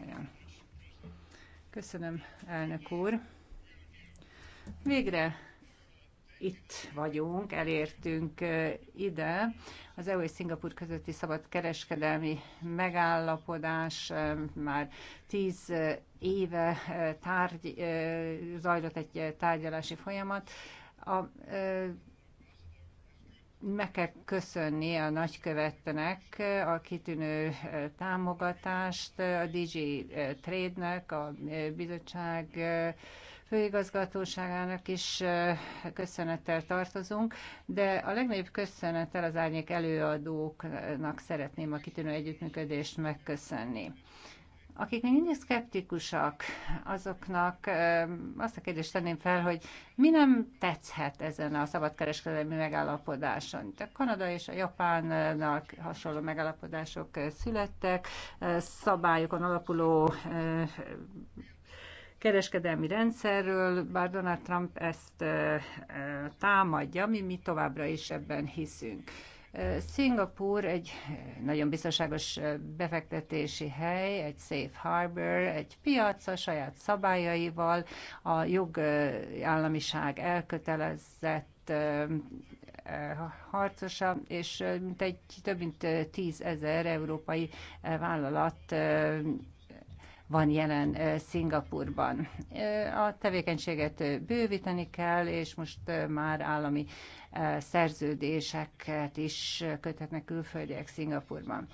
parancsoljon. Köszönöm, elnök úr. Végre itt vagyunk, elértünk ide. Az EU és Szingapur közötti szabad kereskedelmi megállapodás már tíz éve tárgy, zajlott egy tárgyalási folyamat. A meg kell köszönni a nagykövetnek a kitűnő eh, támogatást, a DG eh, Trade-nek, a eh, bizottság főigazgatóságának is köszönettel tartozunk, de a legnagyobb köszönettel az árnyék előadóknak szeretném a kitűnő együttműködést megköszönni akik még mindig szkeptikusak, azoknak azt a kérdést tenném fel, hogy mi nem tetszhet ezen a szabadkereskedelmi megállapodáson. A Kanada és a Japánnak hasonló megállapodások születtek, szabályokon alapuló kereskedelmi rendszerről, bár Donald Trump ezt támadja, mi, mi továbbra is ebben hiszünk. Szingapúr egy nagyon biztonságos befektetési hely, egy safe harbor, egy piac a saját szabályaival, a jogállamiság elkötelezett harcosa, és mint egy, több mint tízezer európai vállalat van jelen Szingapurban. A tevékenységet bővíteni kell, és most már állami szerződéseket is köthetnek külföldiek Szingapurban.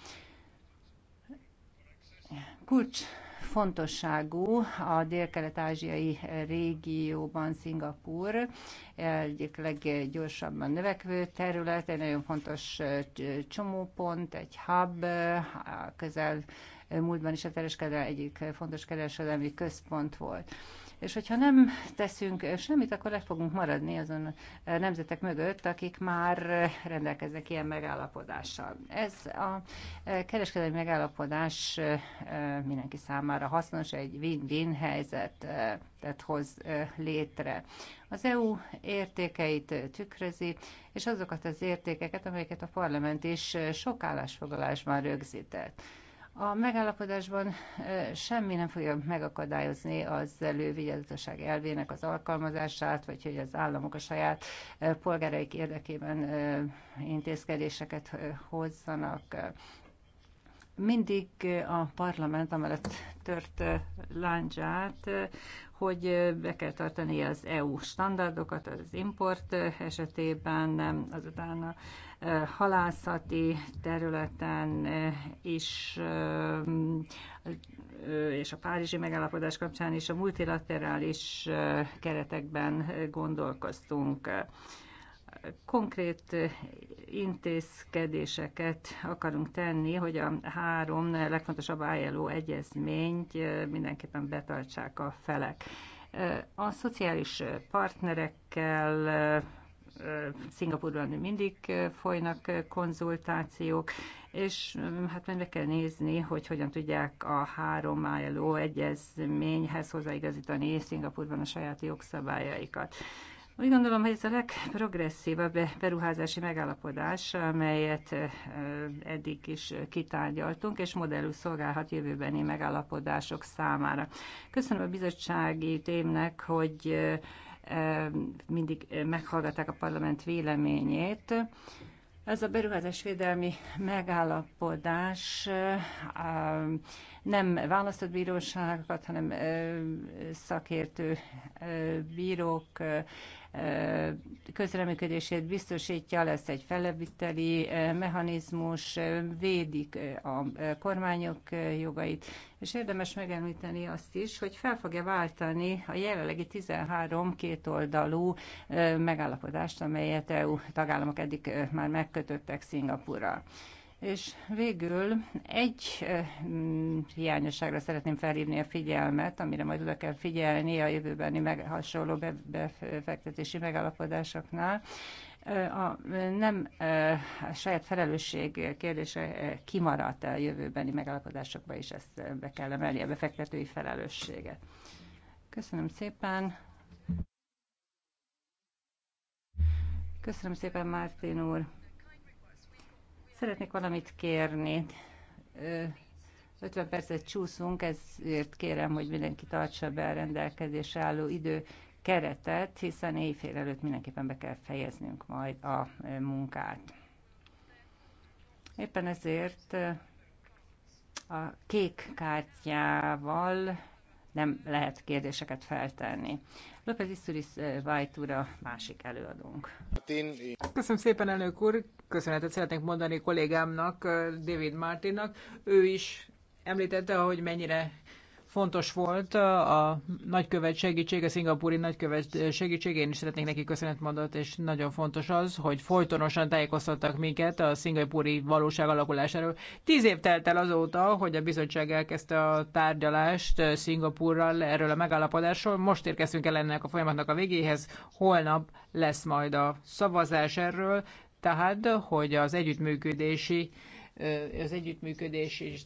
Kulcs fontosságú a dél-kelet-ázsiai régióban Szingapur, egyik leggyorsabban növekvő terület, egy nagyon fontos csomópont, egy hub, közel múltban is a kereskedelem egyik fontos kereskedelmi központ volt. És hogyha nem teszünk semmit, akkor le fogunk maradni azon nemzetek mögött, akik már rendelkeznek ilyen megállapodással. Ez a kereskedelmi megállapodás mindenki számára hasznos, egy win-win helyzetet hoz létre. Az EU értékeit tükrözi, és azokat az értékeket, amelyeket a parlament is sok állásfoglalásban rögzített. A megállapodásban semmi nem fogja megakadályozni az elővigyázatosság elvének az alkalmazását, vagy hogy az államok a saját polgáraik érdekében intézkedéseket hozzanak. Mindig a parlament amellett tört láncsát, hogy be kell tartani az EU standardokat az import esetében, azután a halászati területen is, és a Párizsi megállapodás kapcsán is a multilaterális keretekben gondolkoztunk konkrét intézkedéseket akarunk tenni, hogy a három legfontosabb ILO egyezményt mindenképpen betartsák a felek. A szociális partnerekkel Szingapurban mindig folynak konzultációk, és hát meg kell nézni, hogy hogyan tudják a három ILO egyezményhez hozzáigazítani Szingapurban a saját jogszabályaikat. Úgy gondolom, hogy ez a legprogresszívabb beruházási megállapodás, amelyet eddig is kitárgyaltunk, és modellül szolgálhat jövőbeni megállapodások számára. Köszönöm a bizottsági témnek, hogy mindig meghallgatták a parlament véleményét. Ez a beruházásvédelmi megállapodás nem választott bíróságokat, hanem szakértő bírók közreműködését biztosítja, lesz egy felebiteli mechanizmus, védik a kormányok jogait, és érdemes megemlíteni azt is, hogy fel fogja váltani a jelenlegi 13 kétoldalú megállapodást, amelyet EU tagállamok eddig már megkötöttek Szingapurral. És végül egy mm, hiányosságra szeretném felhívni a figyelmet, amire majd oda kell figyelni a jövőbeni meg, hasonló befektetési megállapodásoknál. A nem a saját felelősség kérdése kimaradt a jövőbeni megállapodásokba, és ezt be kell emelni a befektetői felelősséget. Köszönöm szépen! Köszönöm szépen, Mártin úr! Szeretnék valamit kérni. 50 percet csúszunk, ezért kérem, hogy mindenki tartsa be a rendelkezésre álló idő keretet, hiszen éjfél előtt mindenképpen be kell fejeznünk majd a munkát. Éppen ezért a kék kártyával nem lehet kérdéseket feltenni. López Iszturis eh, White másik előadónk. Köszönöm szépen, elnök úr! Köszönetet szeretnék mondani kollégámnak, eh, David Martinnak. Ő is említette, hogy mennyire fontos volt a nagykövet segítség, a szingapúri nagykövet segítség. Én is szeretnék neki köszönet mondat, és nagyon fontos az, hogy folytonosan tájékoztattak minket a szingapúri valóság alakulásáról. Tíz év telt el azóta, hogy a bizottság elkezdte a tárgyalást Szingapúrral erről a megállapodásról. Most érkeztünk el ennek a folyamatnak a végéhez. Holnap lesz majd a szavazás erről, tehát hogy az együttműködési az együttműködés és,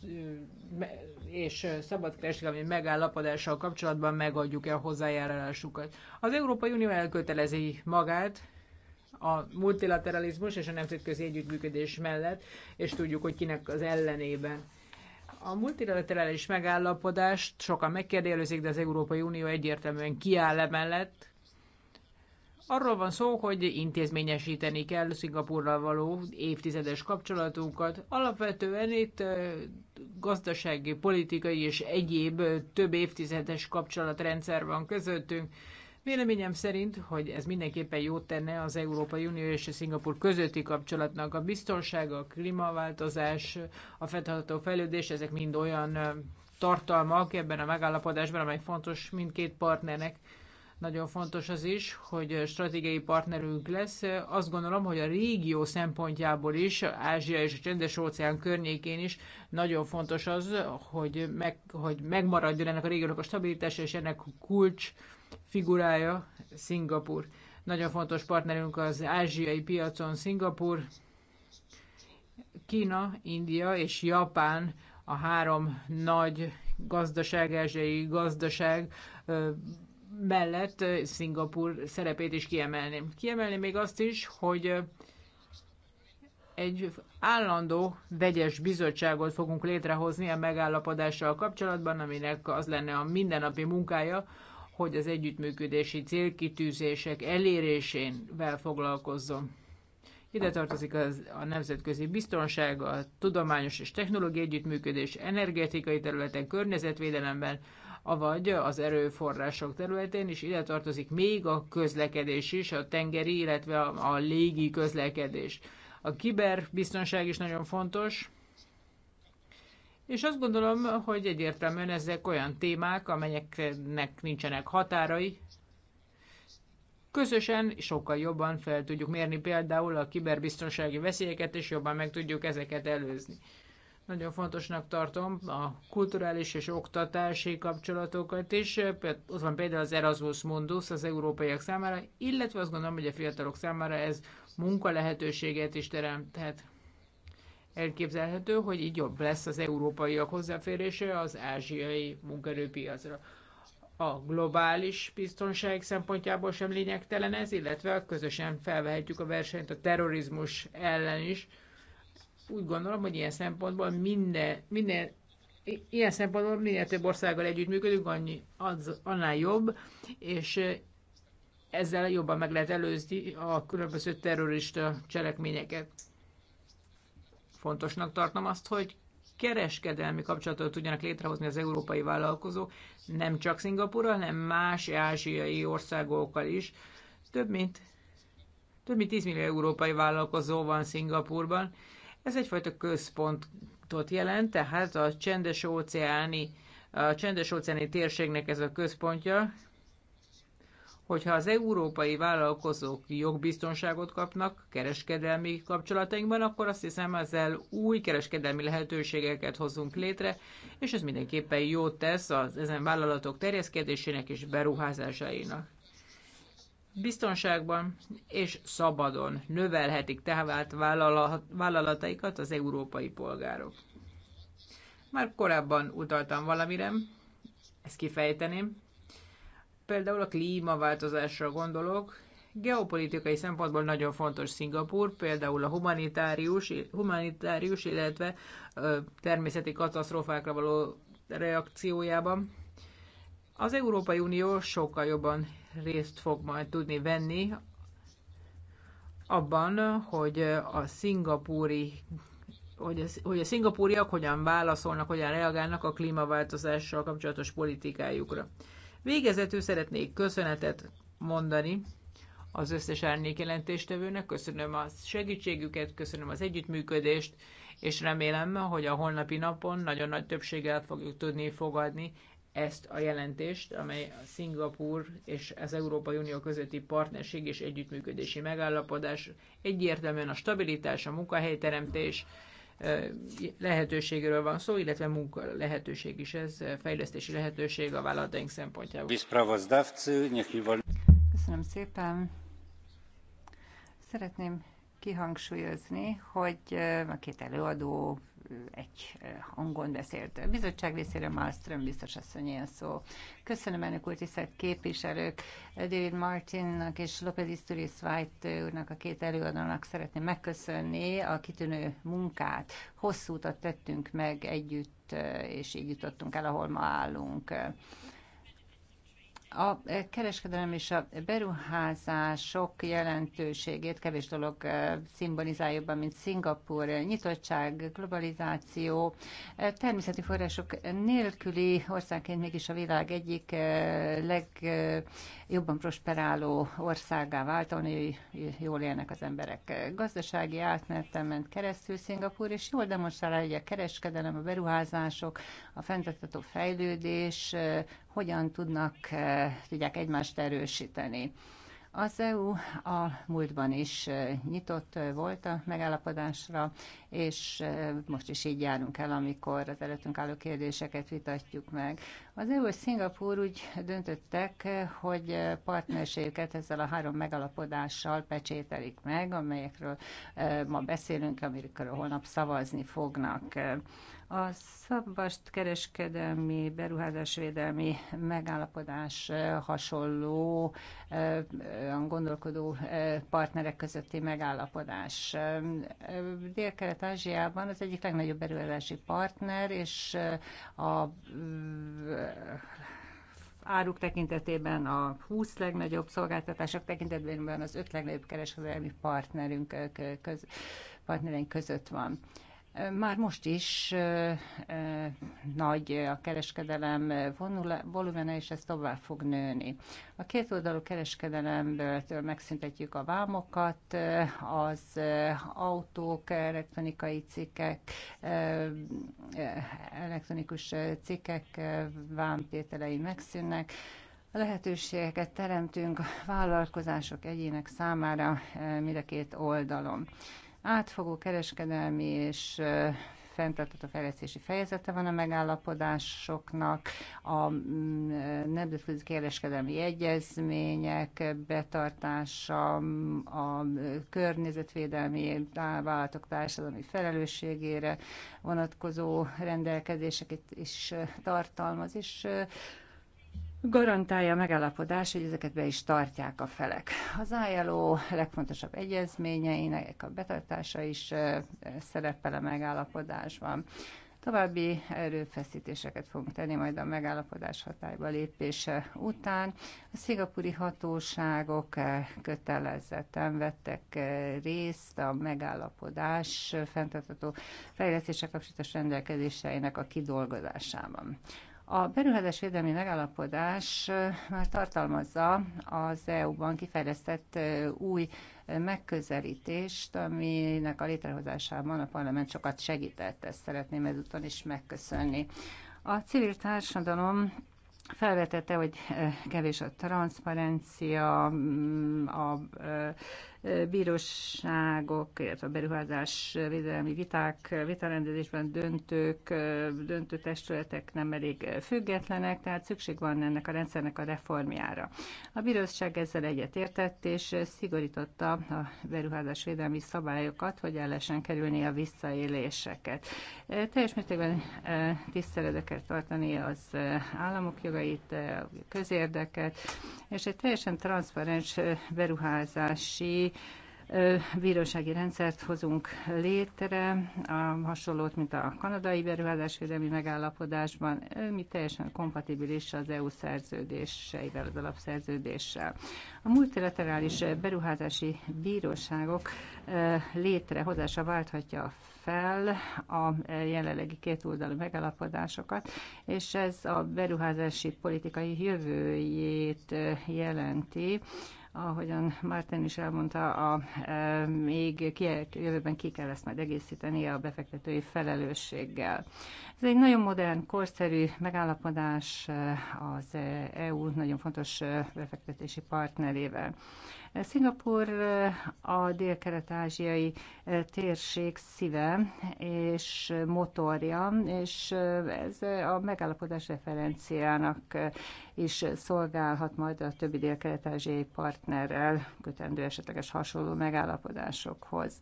és szabadkereskedelmi megállapodással kapcsolatban megadjuk-e a hozzájárulásukat. Az Európai Unió elkötelezi magát a multilateralizmus és a nemzetközi együttműködés mellett, és tudjuk, hogy kinek az ellenében. A multilaterális megállapodást sokan megkérdőjelezik, de az Európai Unió egyértelműen kiáll emellett, Arról van szó, hogy intézményesíteni kell Szingapurral való évtizedes kapcsolatunkat. Alapvetően itt gazdasági, politikai és egyéb több évtizedes kapcsolatrendszer van közöttünk. Véleményem szerint, hogy ez mindenképpen jót tenne az Európai Unió és a Szingapur közötti kapcsolatnak. A biztonság, a klímaváltozás, a fenntartható fejlődés, ezek mind olyan tartalmak ebben a megállapodásban, amely fontos mindkét partnernek. Nagyon fontos az is, hogy stratégiai partnerünk lesz. Azt gondolom, hogy a régió szempontjából is, Ázsia és a Csendes-óceán környékén is nagyon fontos az, hogy, meg, hogy megmaradjon ennek a régiónak a stabilitása, és ennek kulcs figurája Szingapur. Nagyon fontos partnerünk az ázsiai piacon Szingapur, Kína, India és Japán a három nagy gazdaság, ázsiai gazdaság mellett Szingapur szerepét is kiemelném. Kiemelném még azt is, hogy egy állandó vegyes bizottságot fogunk létrehozni a megállapodással kapcsolatban, aminek az lenne a mindennapi munkája, hogy az együttműködési célkitűzések elérésével foglalkozzon. Ide tartozik az, a nemzetközi biztonság, a tudományos és technológiai együttműködés, energetikai területen, környezetvédelemben, avagy az erőforrások területén is ide tartozik még a közlekedés is, a tengeri, illetve a, a légi közlekedés. A kiberbiztonság is nagyon fontos, és azt gondolom, hogy egyértelműen ezek olyan témák, amelyeknek nincsenek határai. Közösen sokkal jobban fel tudjuk mérni például a kiberbiztonsági veszélyeket, és jobban meg tudjuk ezeket előzni. Nagyon fontosnak tartom a kulturális és oktatási kapcsolatokat is. Ott van például az Erasmus Mundus az európaiak számára, illetve azt gondolom, hogy a fiatalok számára ez munka lehetőséget is teremthet. Elképzelhető, hogy így jobb lesz az európaiak hozzáférése az ázsiai munkerőpiacra. A globális biztonság szempontjából sem lényegtelen ez, illetve közösen felvehetjük a versenyt a terrorizmus ellen is úgy gondolom, hogy ilyen szempontból minden, minden ilyen szempontból minél több országgal együttműködünk, annyi, az, annál jobb, és ezzel jobban meg lehet előzni a különböző terrorista cselekményeket. Fontosnak tartom azt, hogy kereskedelmi kapcsolatot tudjanak létrehozni az európai vállalkozók, nem csak Szingapura, hanem más ázsiai országokkal is. Több mint, több mint 10 millió európai vállalkozó van Szingapurban, ez egyfajta központot jelent, tehát a csendes óceáni, a csendes óceáni térségnek ez a központja, hogyha az európai vállalkozók jogbiztonságot kapnak kereskedelmi kapcsolatainkban, akkor azt hiszem ezzel új kereskedelmi lehetőségeket hozunk létre, és ez mindenképpen jót tesz az ezen vállalatok terjeszkedésének és beruházásainak biztonságban és szabadon növelhetik tehát vállalataikat az európai polgárok. Már korábban utaltam valamire, ezt kifejteném. Például a klímaváltozásra gondolok. Geopolitikai szempontból nagyon fontos Szingapur, például a humanitárius, humanitárius illetve természeti katasztrófákra való reakciójában. Az Európai Unió sokkal jobban részt fog majd tudni venni abban, hogy a szingapúri hogy a, hogy a szingapúriak hogyan válaszolnak, hogyan reagálnak a klímaváltozással kapcsolatos politikájukra. Végezetül szeretnék köszönetet mondani az összes árnyék jelentéstevőnek, köszönöm a segítségüket, köszönöm az együttműködést, és remélem, hogy a holnapi napon nagyon nagy többséggel fogjuk tudni fogadni ezt a jelentést, amely a Szingapur és az Európai Unió közötti partnerség és együttműködési megállapodás egyértelműen a stabilitás, a munkahelyteremtés lehetőségről van szó, illetve munka lehetőség is ez, fejlesztési lehetőség a vállalataink szempontjából. Köszönöm szépen. Szeretném kihangsúlyozni, hogy a két előadó egy hangon beszélt. A bizottság részéről Malmström biztos asszony ilyen szó. Köszönöm ennek úr, tisztelt képviselők. David Martinnak és López Isturiz White úrnak, a két előadónak szeretném megköszönni a kitűnő munkát. Hosszú utat tettünk meg együtt, és így jutottunk el, ahol ma állunk. A kereskedelem és a beruházások jelentőségét kevés dolog eh, szimbolizálja, jobban, mint Szingapur. Nyitottság, globalizáció, eh, természeti források nélküli országként mégis a világ egyik eh, leg jobban prosperáló országá vált, ahol jól élnek az emberek. Gazdasági átmenetem ment keresztül Szingapúr, és jól demonstrálja, hogy a kereskedelem, a beruházások, a fenntartható fejlődés eh, hogyan tudnak, eh, tudják egymást erősíteni. Az EU a múltban is nyitott volt a megállapodásra, és most is így járunk el, amikor az előttünk álló kérdéseket vitatjuk meg. Az EU és Szingapúr úgy döntöttek, hogy partnerségüket ezzel a három megalapodással pecsételik meg, amelyekről ma beszélünk, amikről holnap szavazni fognak. A szabvast kereskedelmi beruházásvédelmi megállapodás eh, hasonló eh, eh, gondolkodó partnerek közötti megállapodás. Dél-Kelet-Ázsiában az egyik legnagyobb beruházási partner, és a áruk tekintetében a 20 legnagyobb szolgáltatások tekintetében az öt legnagyobb kereskedelmi partnerünk köz, partnereink között van. Már most is nagy a kereskedelem volumene, és ez tovább fog nőni. A két oldalú kereskedelemből megszüntetjük a vámokat, az autók, elektronikai cikkek, elektronikus cikkek vámtételei megszűnnek, lehetőségeket teremtünk vállalkozások egyének számára mind a két oldalon. Átfogó kereskedelmi és fenntartató fejlesztési fejezete van a megállapodásoknak, a mm, nemzetközi kereskedelmi egyezmények betartása, a környezetvédelmi vállalatok társadalmi felelősségére vonatkozó rendelkezéseket is tartalmaz, és garantálja a megállapodás, hogy ezeket be is tartják a felek. Az ájáló legfontosabb egyezményeinek a betartása is szerepel a megállapodásban. További erőfeszítéseket fogunk tenni majd a megállapodás hatályba lépése után. A szingapúri hatóságok kötelezetten vettek részt a megállapodás fenntartató fejlesztése kapcsolatos rendelkezéseinek a kidolgozásában. A beruházás védelmi megállapodás már tartalmazza az EU-ban kifejlesztett új megközelítést, aminek a létrehozásában a parlament sokat segített, ezt szeretném ezúton is megköszönni. A civil társadalom felvetette, hogy kevés a transzparencia, a, a, a bíróságok, illetve a beruházás védelmi viták, vitarendezésben döntők, döntő testületek nem elég függetlenek, tehát szükség van ennek a rendszernek a reformjára. A bíróság ezzel egyetértett, és szigorította a beruházás védelmi szabályokat, hogy el lehessen kerülni a visszaéléseket. Teljes mértékben eh, tiszteledeket kell tartani az eh, államok jogait, eh, a közérdeket, és egy teljesen transzparens beruházási bírósági rendszert hozunk létre, hasonlót, mint a kanadai beruházásvédelmi megállapodásban, mi teljesen kompatibilis az EU szerződéseivel, az alapszerződéssel. A multilaterális beruházási bíróságok létrehozása válthatja fel a jelenlegi kétoldalú megállapodásokat, és ez a beruházási politikai jövőjét jelenti Ahogyan Márten is elmondta, a, e, még ki, jövőben ki kell ezt majd egészíteni a befektetői felelősséggel. Ez egy nagyon modern, korszerű megállapodás e, az EU e nagyon fontos e, befektetési partnerével. Szingapur a dél-kelet-ázsiai eh, térség szíve és motorja, és eh, ez a megállapodás referenciának eh, is szolgálhat majd a többi dél-kelet-ázsiai partnerrel kötendő esetleges hasonló megállapodásokhoz.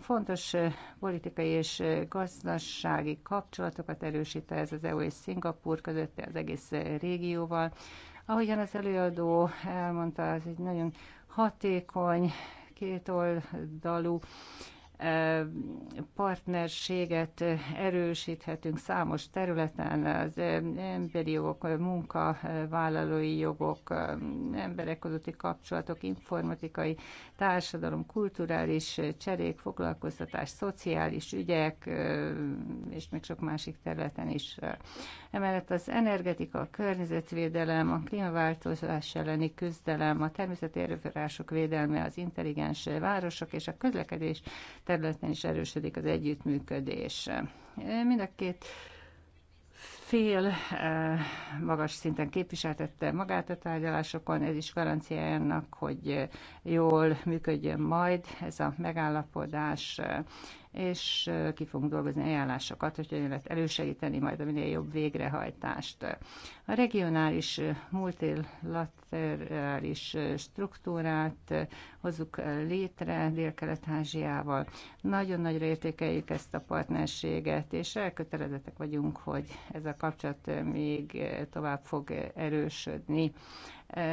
Fontos politikai és gazdasági kapcsolatokat erősít ez az EU és Szingapur között, az egész régióval, Ahogyan az előadó elmondta, ez egy nagyon hatékony, kétoldalú partnerséget erősíthetünk számos területen, az emberi jogok, munkavállalói jogok, emberek közötti kapcsolatok, informatikai, társadalom, kulturális cserék, foglalkoztatás, szociális ügyek, és még sok másik területen is. Emellett az energetika, a környezetvédelem, a klímaváltozás elleni küzdelem, a természeti erőforrások védelme, az intelligens városok és a közlekedés területen is erősödik az együttműködés. Mind a két fél eh, magas szinten képviseltette magát a tárgyalásokon, ez is garanciája annak, hogy jól működjön majd ez a megállapodás. Eh, és ki fogunk dolgozni ajánlásokat, hogy hogyan lehet elősegíteni majd a minél jobb végrehajtást. A regionális multilaterális struktúrát hozzuk létre Dél-Kelet-Ázsiával. Nagyon nagyra értékeljük ezt a partnerséget, és elkötelezettek vagyunk, hogy ez a kapcsolat még tovább fog erősödni.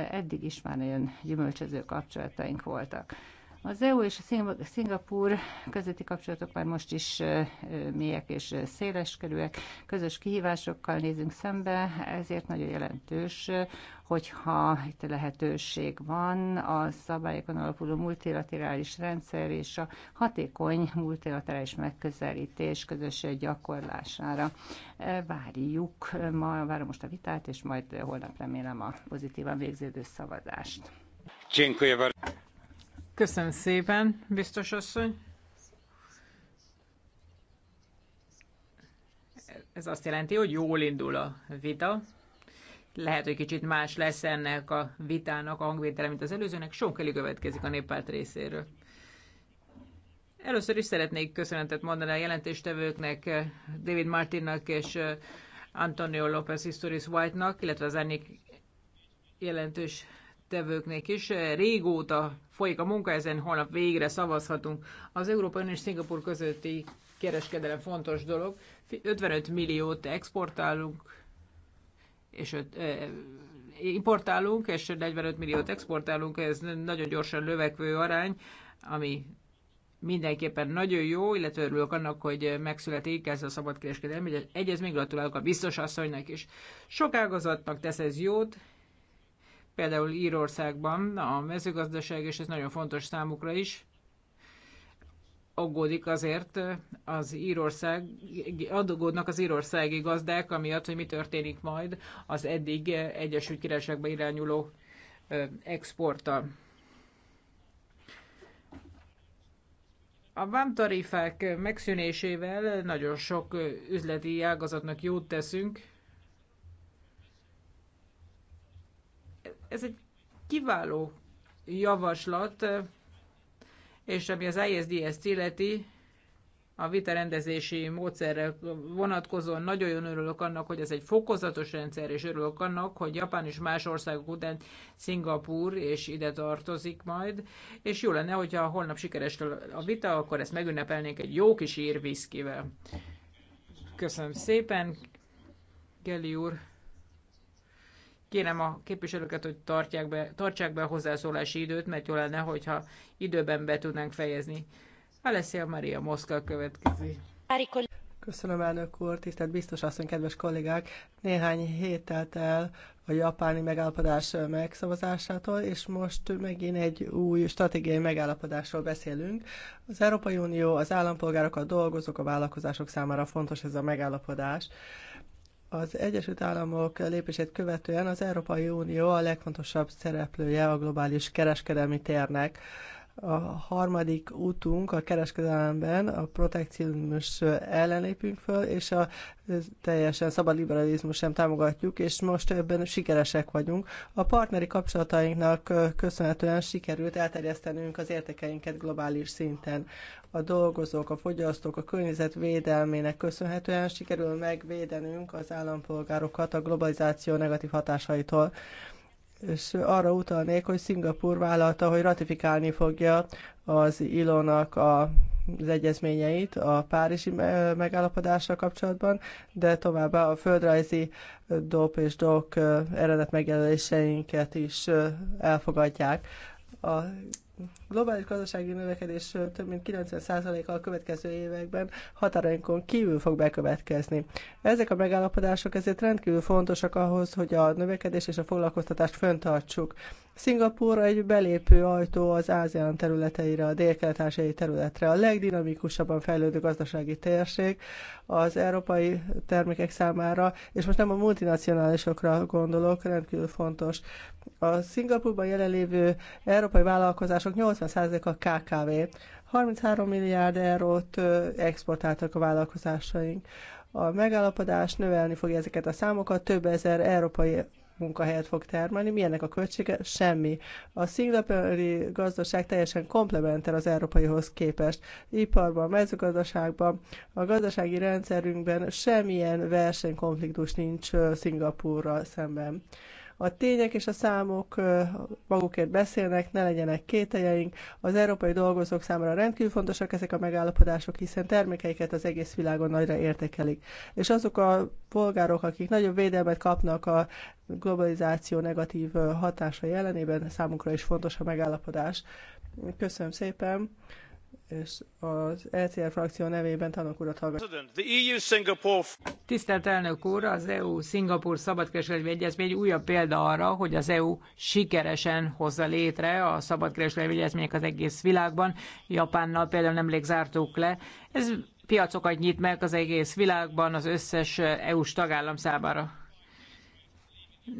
Eddig is már nagyon gyümölcsöző kapcsolataink voltak. Az EU és a Szingapúr közötti kapcsolatok már most is mélyek és széleskerűek. Közös kihívásokkal nézünk szembe, ezért nagyon jelentős, hogyha itt lehetőség van a szabályokon alapuló multilaterális rendszer és a hatékony multilaterális megközelítés közös gyakorlására. Várjuk, ma, várom most a vitát, és majd holnap remélem a pozitívan végződő szavazást. Dziękuję bardzo. Köszönöm szépen, biztos asszony. Ez azt jelenti, hogy jól indul a vita. Lehet, hogy kicsit más lesz ennek a vitának a hangvétele, mint az előzőnek. Sok elő következik a néppárt részéről. Először is szeretnék köszönetet mondani a jelentéstevőknek, David Martinnak és eh, Antonio López Historis White-nak, illetve az ennék jelentős résztvevőknek is. Régóta folyik a munka, ezen holnap végre szavazhatunk. Az Európai Unió és Szingapur közötti kereskedelem fontos dolog. 55 milliót exportálunk, és öt, eh, importálunk, és 45 milliót exportálunk, ez nagyon gyorsan lövekvő arány, ami mindenképpen nagyon jó, illetve örülök annak, hogy megszületik ez a szabadkereskedelmi egyezmény. Gratulálok a biztos asszonynak is. Sok ágazatnak tesz ez jót, például Írországban a mezőgazdaság, és ez nagyon fontos számukra is, aggódik azért az Írország, adogódnak az írországi gazdák, amiatt, hogy mi történik majd az eddig Egyesült Királyságba irányuló exporta. A vámtarifák megszűnésével nagyon sok üzleti ágazatnak jót teszünk, Ez egy kiváló javaslat, és ami az isds illeti, a vitarendezési módszerre vonatkozóan nagyon örülök annak, hogy ez egy fokozatos rendszer, és örülök annak, hogy Japán és más országok után Szingapúr és ide tartozik majd, és jó lenne, hogyha holnap sikeres a vita, akkor ezt megünnepelnénk egy jó kis írviszkivel. Köszönöm szépen, Geli úr kérem a képviselőket, hogy tartják be, tartsák be a hozzászólási időt, mert jó lenne, hogyha időben be tudnánk fejezni. Alessia Maria Moszkva következő. Köszönöm, elnök úr, tisztelt biztos asszony, kedves kollégák! Néhány hét telt el a japáni megállapodás megszavazásától, és most megint egy új stratégiai megállapodásról beszélünk. Az Európai Unió az állampolgárok, a dolgozók, a vállalkozások számára fontos ez a megállapodás. Az Egyesült Államok lépését követően az Európai Unió a legfontosabb szereplője a globális kereskedelmi térnek a harmadik útunk a kereskedelemben, a protekcionizmus ellen lépünk föl, és a teljesen szabad liberalizmus sem támogatjuk, és most ebben sikeresek vagyunk. A partneri kapcsolatainknak köszönhetően sikerült elterjesztenünk az értékeinket globális szinten. A dolgozók, a fogyasztók, a környezet védelmének köszönhetően sikerül megvédenünk az állampolgárokat a globalizáció negatív hatásaitól és arra utalnék, hogy Szingapur vállalta, hogy ratifikálni fogja az ilónak a az egyezményeit a párizsi megállapodással kapcsolatban, de továbbá a földrajzi dop és dok eredet megjelöléseinket is elfogadják. A globális gazdasági növekedés több mint 90%-a a következő években határainkon kívül fog bekövetkezni. Ezek a megállapodások ezért rendkívül fontosak ahhoz, hogy a növekedés és a foglalkoztatást föntartsuk. Szingapúr egy belépő ajtó az Ázsián területeire, a dél kelet területre. A legdinamikusabban fejlődő gazdasági térség az európai termékek számára, és most nem a multinacionálisokra gondolok, rendkívül fontos. A Szingapurban jelenlévő európai vállalkozások 80%-a KKV. 33 milliárd eurót exportáltak a vállalkozásaink. A megállapodás növelni fogja ezeket a számokat, több ezer európai munkahelyet fog termelni. Milyennek a költsége? Semmi. A szingapúri gazdaság teljesen komplementer az európaihoz képest. Iparban, mezőgazdaságban, a gazdasági rendszerünkben semmilyen versenykonfliktus nincs Szingapúrral szemben. A tények és a számok magukért beszélnek, ne legyenek kételjeink. Az európai dolgozók számára rendkívül fontosak ezek a megállapodások, hiszen termékeiket az egész világon nagyra értékelik. És azok a polgárok, akik nagyobb védelmet kapnak a globalizáció negatív hatása jelenében, számukra is fontos a megállapodás. Köszönöm szépen! és az ECR frakció nevében tanok urat hallgat. E Tisztelt elnök úr, az EU-Szingapur szabadkereskedelmi egyezmény újabb példa arra, hogy az EU sikeresen hozza létre a szabadkereskedelmi egyezmények az egész világban. Japánnal például nemrég zártuk le. Ez piacokat nyit meg az egész világban az összes EU-s tagállam számára.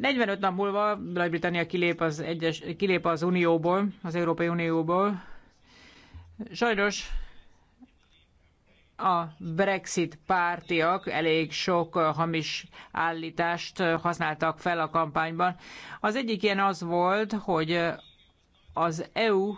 45 nap múlva Nagy-Britannia kilép az, egyes, kilép az Unióból, az Európai Unióból, Sajnos a Brexit pártiak elég sok hamis állítást használtak fel a kampányban. Az egyik ilyen az volt, hogy az EU,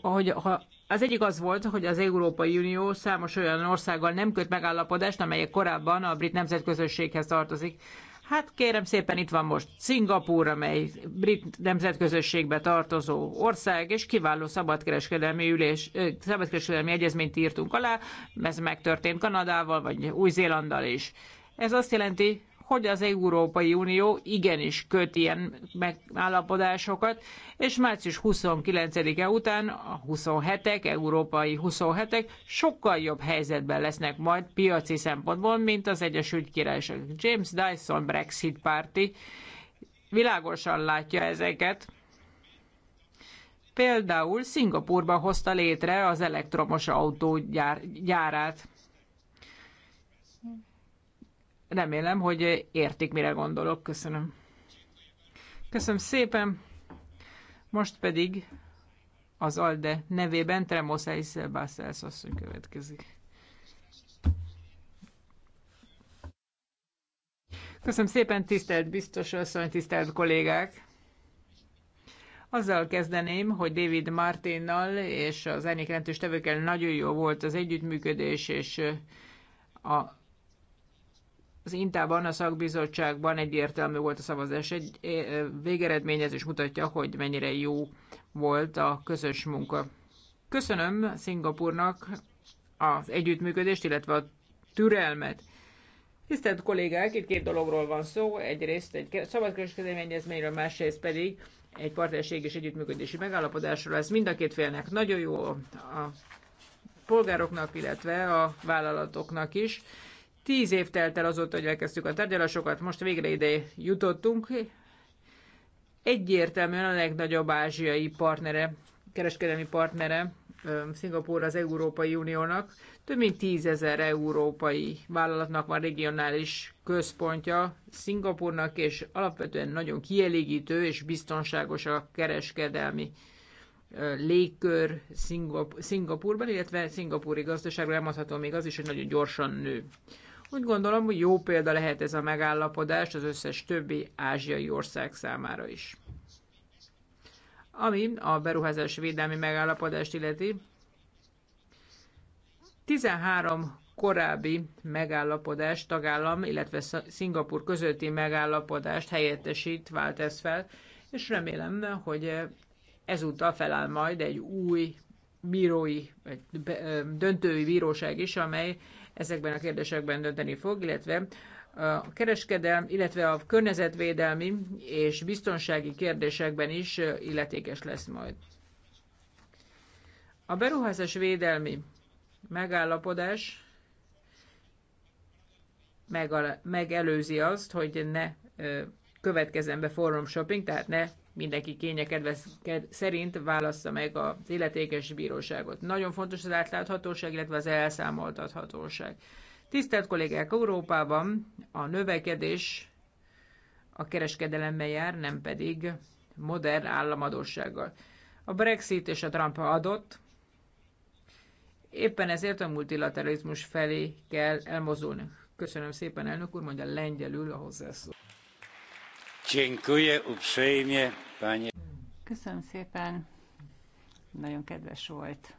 hogy ha az egyik az volt, hogy az Európai Unió számos olyan országgal nem köt megállapodást, amelyek korábban a brit nemzetközösséghez tartozik. Hát kérem szépen, itt van most Szingapúr, amely brit nemzetközösségbe tartozó ország, és kiváló szabadkereskedelmi ülés, szabadkereskedelmi egyezményt írtunk alá, ez megtörtént Kanadával, vagy Új-Zélanddal is. Ez azt jelenti, hogy az Európai Unió igenis köt ilyen megállapodásokat, és március 29-e után a 27-ek, európai 27-ek sokkal jobb helyzetben lesznek majd piaci szempontból, mint az Egyesült Királyság. James Dyson Brexit párti világosan látja ezeket. Például Szingapurban hozta létre az elektromos autógyárát. Gyár, remélem, hogy értik, mire gondolok. Köszönöm. Köszönöm szépen. Most pedig az ALDE nevében Tremos Eisel Basszász asszony következik. Köszönöm szépen, tisztelt biztos asszony, tisztelt kollégák! Azzal kezdeném, hogy David Martinnal és az ennék jelentős tevőkkel nagyon jó volt az együttműködés, és a az Intában, a szakbizottságban egyértelmű volt a szavazás. Egy eh, végeredmény ez is mutatja, hogy mennyire jó volt a közös munka. Köszönöm Szingapurnak az együttműködést, illetve a türelmet. Tisztelt kollégák, itt két dologról van szó. Egyrészt egy szabadkereskedelmi egyezményről, másrészt pedig egy partnerség és együttműködési megállapodásról. Ez mind a két félnek nagyon jó a polgároknak, illetve a vállalatoknak is. Tíz év telt el azóta, hogy elkezdtük a tárgyalásokat, most végre ide jutottunk. Egyértelműen a legnagyobb ázsiai partnere, kereskedelmi partnere Szingapúr az Európai Uniónak. Több mint tízezer európai vállalatnak van regionális központja Szingapúrnak, és alapvetően nagyon kielégítő és biztonságos a kereskedelmi légkör Szingap- illetve szingapúri gazdaságra elmondható még az is, hogy nagyon gyorsan nő. Úgy gondolom, hogy jó példa lehet ez a megállapodás az összes többi ázsiai ország számára is. Ami a beruházás védelmi megállapodást illeti, 13 korábbi megállapodás tagállam, illetve Szingapur közötti megállapodást helyettesít, vált ez fel, és remélem, hogy ezúttal feláll majd egy új bírói, döntői bíróság is, amely ezekben a kérdésekben dönteni fog, illetve a kereskedelm, illetve a környezetvédelmi és biztonsági kérdésekben is illetékes lesz majd. A beruházás védelmi megállapodás megelőzi azt, hogy ne következzen be forum shopping, tehát ne mindenki kényekedve szerint válassza meg az illetékes bíróságot. Nagyon fontos az átláthatóság, illetve az elszámoltathatóság. Tisztelt kollégák, Európában a növekedés a kereskedelemmel jár, nem pedig modern államadósággal. A Brexit és a Trump adott, éppen ezért a multilateralizmus felé kell elmozdulni. Köszönöm szépen, elnök úr, mondja lengyelül a hozzászó. Köszönöm szépen. Nagyon kedves volt,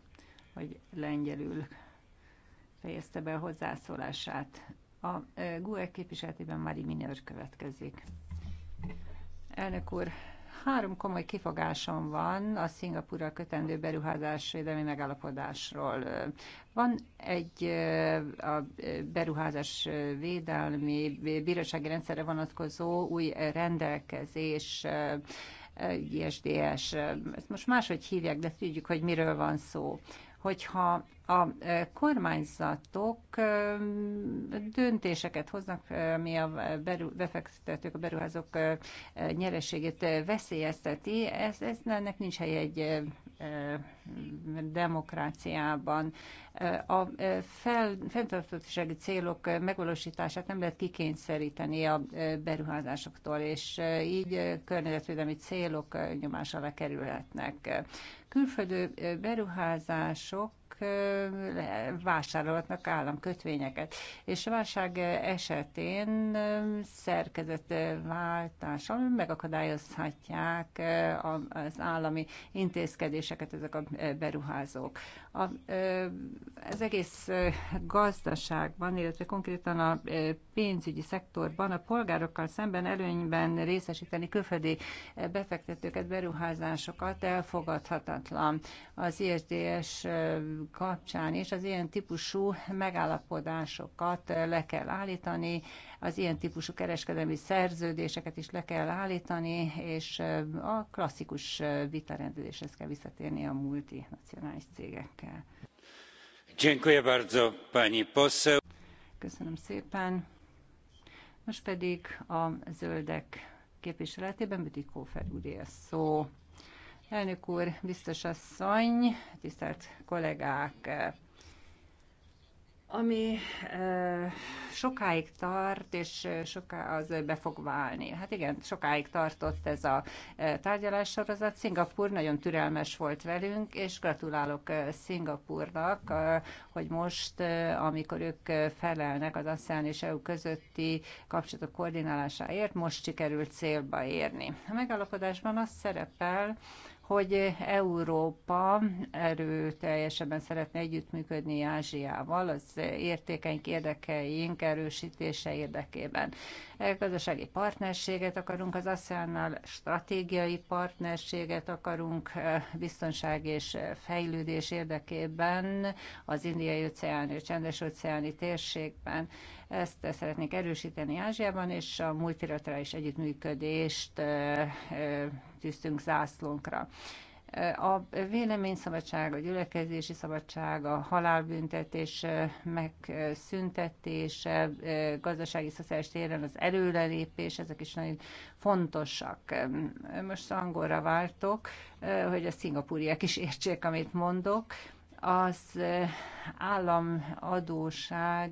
hogy lengyelül fejezte be a hozzászólását. A e, GUE képviseletében Mari Minőr következik. Elnök úr, Három komoly kifogásom van a Szingapurral kötendő védelmi megállapodásról. Van egy a beruházás védelmi bírósági rendszerre vonatkozó új rendelkezés, ISDS. Ezt most máshogy hívják, de tudjuk, hogy miről van szó. Hogyha a kormányzatok döntéseket hoznak, ami a befektetők, a beruházók nyerességét veszélyezteti. Ez, ez ennek nincs hely egy demokráciában. A fel, fenntartósági célok megvalósítását nem lehet kikényszeríteni a beruházásoktól, és így környezetvédelmi célok nyomás alá kerülhetnek. Külföldi beruházások vásárolhatnak államkötvényeket. És a válság esetén ami megakadályozhatják az állami intézkedéseket ezek a beruházók. A, az egész gazdaságban, illetve konkrétan a pénzügyi szektorban a polgárokkal szemben előnyben részesíteni külföldi befektetőket, beruházásokat elfogadhatatlan. Az ISDS kapcsán is az ilyen típusú megállapodásokat le kell állítani, az ilyen típusú kereskedelmi szerződéseket is le kell állítani, és a klasszikus vitarendezéshez kell visszatérni a multinacionális cégekkel. Köszönöm szépen. Most pedig a zöldek képviseletében Bütikófer úr szó. Elnök úr, biztos asszony, tisztelt kollégák! Ami sokáig tart, és soká, az be fog válni. Hát igen, sokáig tartott ez a tárgyalás sorozat. Szingapur nagyon türelmes volt velünk, és gratulálok Szingapurnak, hogy most, amikor ők felelnek az ASEAN és EU közötti kapcsolatok koordinálásáért, most sikerült célba érni. A megállapodásban az szerepel, hogy Európa erőteljesebben szeretne együttműködni Ázsiával az értékeink, érdekeink erősítése érdekében gazdasági partnerséget akarunk az ASEAN-nal, stratégiai partnerséget akarunk biztonság és fejlődés érdekében az indiai óceán és csendes óceáni térségben. Ezt szeretnék erősíteni Ázsiában, és a multilaterális együttműködést tűztünk zászlónkra. A véleményszabadság, a gyülekezési szabadság, a halálbüntetés megszüntetése, gazdasági szociális téren az előrelépés, ezek is nagyon fontosak. Most angolra váltok, hogy a szingapúriak is értsék, amit mondok az eh, államadóság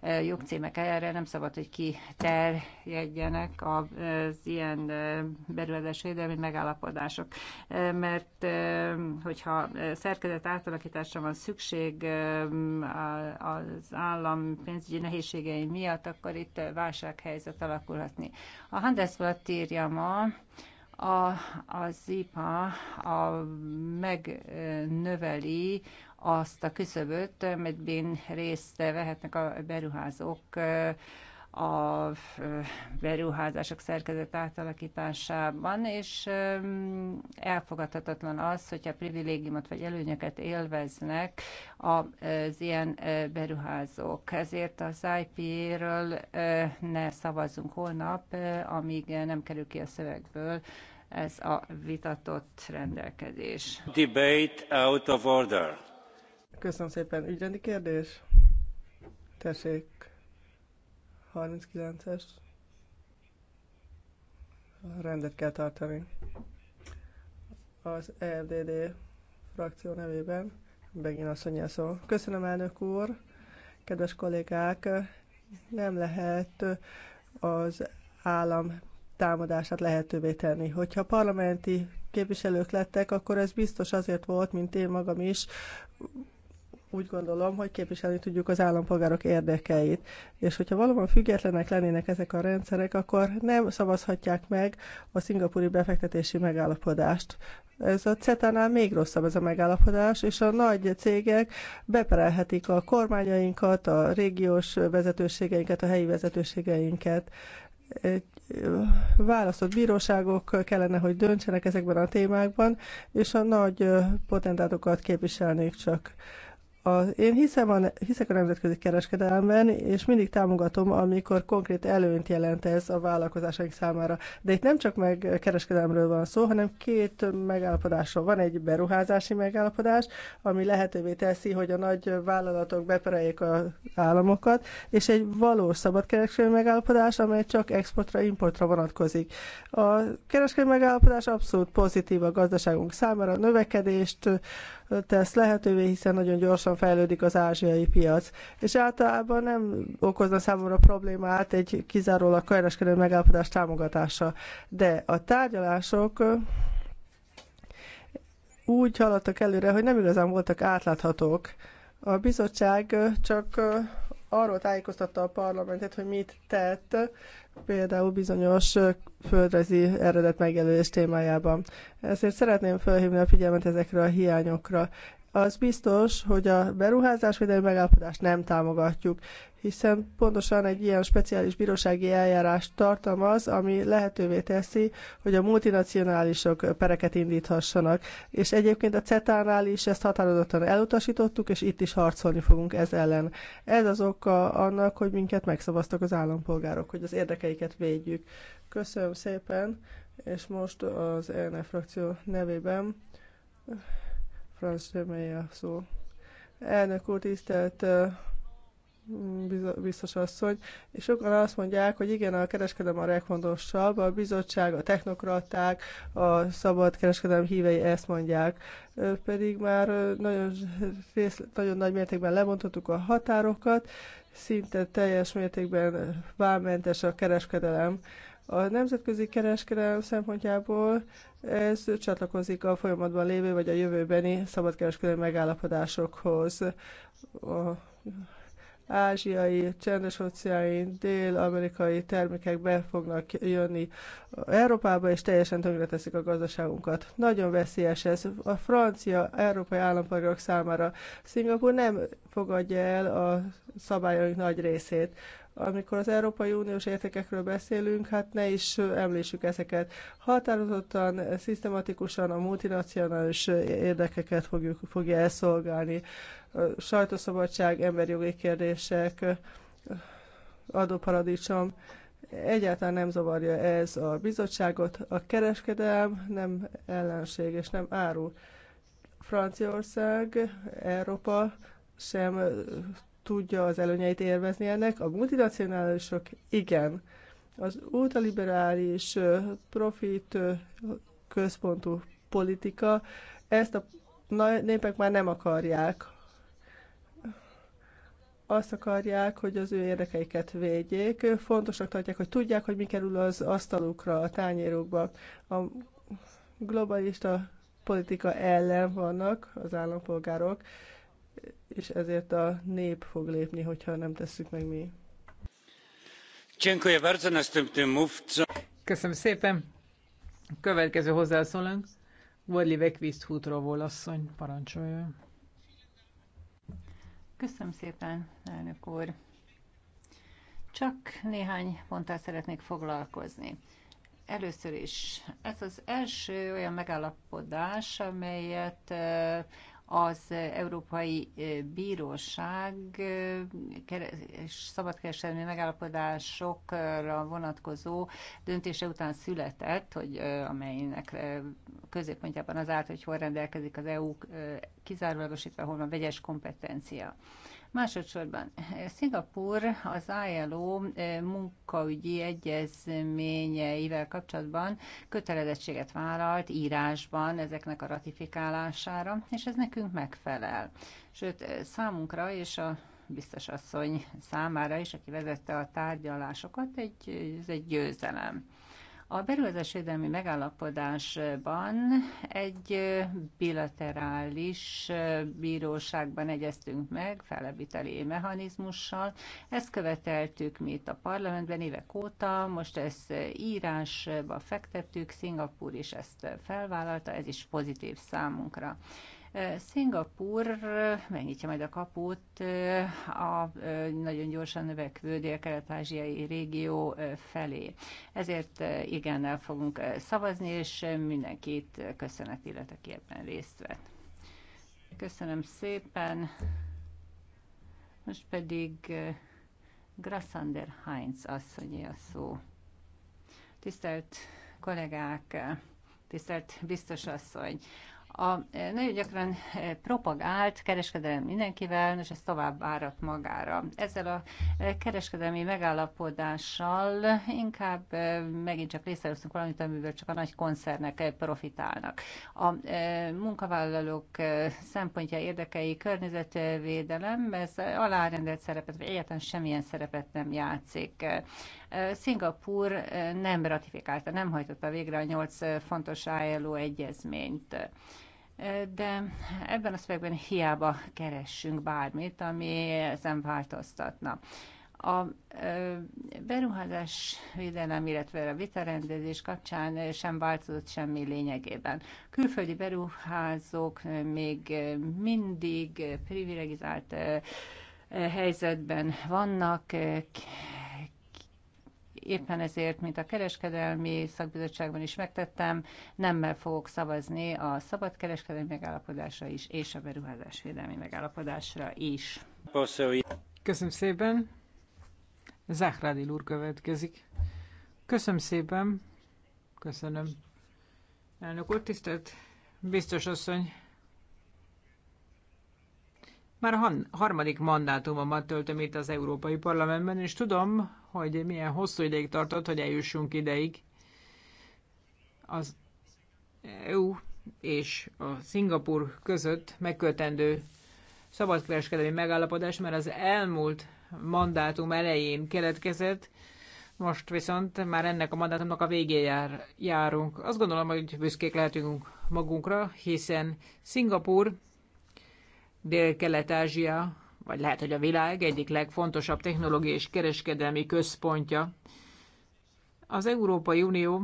eh, jogcímek erre nem szabad, hogy kiterjedjenek az ilyen eh, védelmi megállapodások, mert hogyha szerkezet átalakításra van szükség az állam pénzügyi nehézségei miatt, akkor itt válsághelyzet alakulhatni. A Handelsblatt írja ma, a, az IPA a, megnöveli azt a küszöböt, amelyben részt vehetnek a beruházók a beruházások szerkezet átalakításában, és elfogadhatatlan az, hogyha privilégiumot vagy előnyöket élveznek az ilyen beruházók. Ezért az IPA-ről ne szavazzunk holnap, amíg nem kerül ki a szövegből ez a vitatott rendelkezés. Debate out of order. Köszönöm szépen. Ügyrendi kérdés? Tessék. 39-es. Rendet kell tartani. Az EFDD frakció nevében azt mondja szó. Köszönöm, elnök úr! Kedves kollégák, nem lehet az állam támadását lehetővé tenni. Hogyha parlamenti képviselők lettek, akkor ez biztos azért volt, mint én magam is, úgy gondolom, hogy képviselni tudjuk az állampolgárok érdekeit. És hogyha valóban függetlenek lennének ezek a rendszerek, akkor nem szavazhatják meg a szingapúri befektetési megállapodást. Ez a CETA-nál még rosszabb ez a megállapodás, és a nagy cégek beperelhetik a kormányainkat, a régiós vezetőségeinket, a helyi vezetőségeinket választott bíróságok kellene, hogy döntsenek ezekben a témákban, és a nagy potentátokat képviselnék csak. A, én hiszem a, hiszek a nemzetközi kereskedelemben, és mindig támogatom, amikor konkrét előnyt jelent ez a vállalkozásaink számára. De itt nem csak meg kereskedelemről van szó, hanem két megállapodásról. Van egy beruházási megállapodás, ami lehetővé teszi, hogy a nagy vállalatok bepereljék az államokat, és egy valós szabadkereskedelmi megállapodás, amely csak exportra, importra vonatkozik. A kereskedelmi megállapodás abszolút pozitív a gazdaságunk számára, a növekedést, tesz lehetővé, hiszen nagyon gyorsan fejlődik az ázsiai piac. És általában nem okozna számomra problémát egy kizárólag kereskedő megállapodás támogatása. De a tárgyalások úgy haladtak előre, hogy nem igazán voltak átláthatók. A bizottság csak arról tájékoztatta a parlamentet, hogy mit tett, például bizonyos földrajzi eredet megjelölés témájában. Ezért szeretném felhívni a figyelmet ezekre a hiányokra. Az biztos, hogy a beruházásvédelmi megállapodást nem támogatjuk, hiszen pontosan egy ilyen speciális bírósági eljárást tartalmaz, ami lehetővé teszi, hogy a multinacionálisok pereket indíthassanak. És egyébként a CETA-nál is ezt határozottan elutasítottuk, és itt is harcolni fogunk ez ellen. Ez az oka annak, hogy minket megszavaztak az állampolgárok, hogy az érdekeiket védjük. Köszönöm szépen, és most az ELNE frakció nevében Franz Remély a szó. Elnök úr, tisztelt biztos asszony, és sokan azt mondják, hogy igen, a kereskedelem a legfontosabb, a bizottság, a technokraták, a szabad kereskedelem hívei ezt mondják, pedig már nagyon, rész, nagyon nagy mértékben lebontottuk a határokat, szinte teljes mértékben válmentes a kereskedelem. A nemzetközi kereskedelem szempontjából ez csatlakozik a folyamatban lévő vagy a jövőbeni szabadkereskedelmi megállapodásokhoz. A ázsiai, csendes óceáni, dél-amerikai termékek be fognak jönni Európába, és teljesen tönkreteszik a gazdaságunkat. Nagyon veszélyes ez a francia, európai állampolgárok számára. Szingapur nem fogadja el a szabályok nagy részét amikor az Európai Uniós értékekről beszélünk, hát ne is említsük ezeket. Határozottan, szisztematikusan a multinacionális érdekeket fogjuk, fogja elszolgálni. Sajtószabadság, emberjogi kérdések, adóparadicsom, egyáltalán nem zavarja ez a bizottságot. A kereskedelm nem ellenség és nem áru. Franciaország, Európa sem tudja az előnyeit élvezni ennek, a multinacionálisok igen. Az ultraliberális profit központú politika ezt a népek már nem akarják. Azt akarják, hogy az ő érdekeiket védjék. Fontosnak tartják, hogy tudják, hogy mi kerül az asztalukra, a tányérukba. A globalista politika ellen vannak az állampolgárok, és ezért a nép fog lépni, hogyha nem tesszük meg mi. Köszönöm szépen. Következő hozzászólunk. Wadley Vekvist Hutrovól asszony parancsolja. Köszönöm szépen, elnök úr. Csak néhány ponttal szeretnék foglalkozni. Először is, ez az első olyan megállapodás, amelyet az Európai Bíróság és szabadkereselmi megállapodásokra vonatkozó döntése után született, hogy amelynek középpontjában az állt, hogy hol rendelkezik az EU kizárólagosítva, hol van vegyes kompetencia. Másodszorban eh, Szingapur az ILO eh, munkaügyi egyezményeivel kapcsolatban kötelezettséget vállalt írásban ezeknek a ratifikálására, és ez nekünk megfelel. Sőt, eh, számunkra és a biztos asszony számára is, aki vezette a tárgyalásokat, egy, ez egy győzelem. A berőzésvédelmi megállapodásban egy bilaterális bíróságban egyeztünk meg felebiteli mechanizmussal. Ezt követeltük mi itt a parlamentben évek óta, most ezt írásba fektettük, Szingapúr is ezt felvállalta, ez is pozitív számunkra. Szingapur megnyitja majd a kaput a nagyon gyorsan növekvő dél-kelet-ázsiai régió felé. Ezért igennel fogunk szavazni, és mindenkit köszönet illetve aki ebben részt vett. Köszönöm szépen. Most pedig Grassander Heinz asszonyi a szó. Tisztelt kollégák, tisztelt biztos asszony! a e, nagyon gyakran e, propagált kereskedelem mindenkivel, és ez tovább árat magára. Ezzel a e, kereskedelmi megállapodással inkább megint csak létrehoztunk valamit, amiből csak a nagy koncernek profitálnak. A munkavállalók szempontja érdekei környezetvédelem, ez alárendelt szerepet, vagy egyáltalán semmilyen szerepet nem játszik. Szingapúr nem ratifikálta, nem hajtotta végre a nyolc fontos ILO egyezményt de ebben a szövegben hiába keressünk bármit, ami ezen változtatna. A beruházás védelem, illetve a vitarendezés kapcsán sem változott semmi lényegében. Külföldi beruházók még mindig privilegizált helyzetben vannak, Éppen ezért, mint a kereskedelmi szakbizottságban is megtettem, nemmel fogok szavazni a szabad kereskedelmi megállapodásra is, és a beruházásvédelmi megállapodásra is. Köszönöm szépen! Zahradil úr következik. Köszönöm szépen! Köszönöm. Elnök úr, tisztelt biztos asszony! Már a harmadik mandátumomat töltöm itt az Európai Parlamentben, és tudom, hogy milyen hosszú ideig tartott, hogy eljussunk ideig. Az EU és a Szingapur között megkötendő szabadkereskedelmi megállapodás, mert az elmúlt mandátum elején keletkezett, most viszont már ennek a mandátumnak a végén jár, járunk. Azt gondolom, hogy büszkék lehetünk magunkra, hiszen Szingapur, Dél-Kelet-Ázsia vagy lehet, hogy a világ egyik legfontosabb technológiai és kereskedelmi központja. Az Európai Unió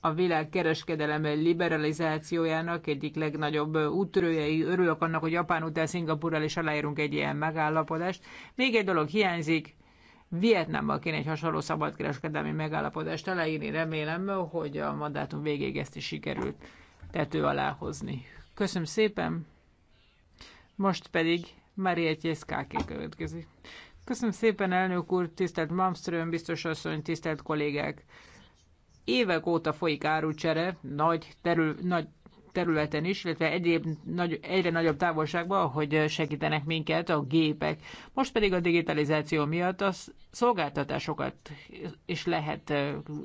a világ kereskedelem liberalizációjának egyik legnagyobb útrőjei. Örülök annak, hogy Japán után Szingapurral is aláírunk egy ilyen megállapodást. Még egy dolog hiányzik, Vietnámmal kéne egy hasonló szabadkereskedelmi megállapodást aláírni. Remélem, hogy a mandátum végéig ezt is sikerült tető alá hozni. Köszönöm szépen! Most pedig Marietje Szkáké következik. Köszönöm szépen, elnök úr, tisztelt Malmström, biztos asszony, tisztelt kollégák! Évek óta folyik árucsere nagy, terül, nagy területen is, illetve egyéb nagy, egyre nagyobb távolságban, hogy segítenek minket a gépek. Most pedig a digitalizáció miatt a szolgáltatásokat is lehet,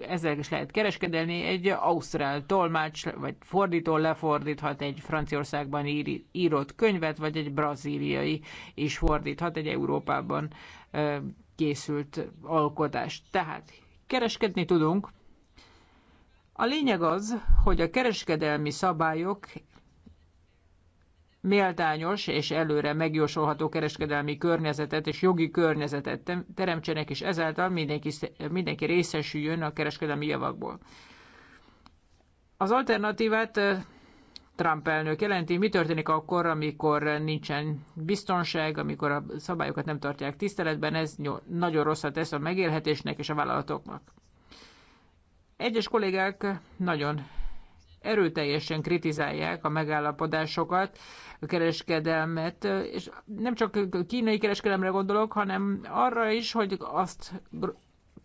ezzel is lehet kereskedelni. Egy ausztrál tolmács, vagy fordító lefordíthat egy Franciaországban ír, írott könyvet, vagy egy brazíliai is fordíthat egy Európában készült alkotást. Tehát kereskedni tudunk, a lényeg az, hogy a kereskedelmi szabályok méltányos és előre megjósolható kereskedelmi környezetet és jogi környezetet teremtsenek, és ezáltal mindenki, mindenki részesüljön a kereskedelmi javakból. Az alternatívát Trump elnök jelenti, mi történik akkor, amikor nincsen biztonság, amikor a szabályokat nem tartják tiszteletben, ez nagyon rosszat tesz a megélhetésnek és a vállalatoknak. Egyes kollégák nagyon erőteljesen kritizálják a megállapodásokat, a kereskedelmet, és nem csak kínai kereskedelemre gondolok, hanem arra is, hogy azt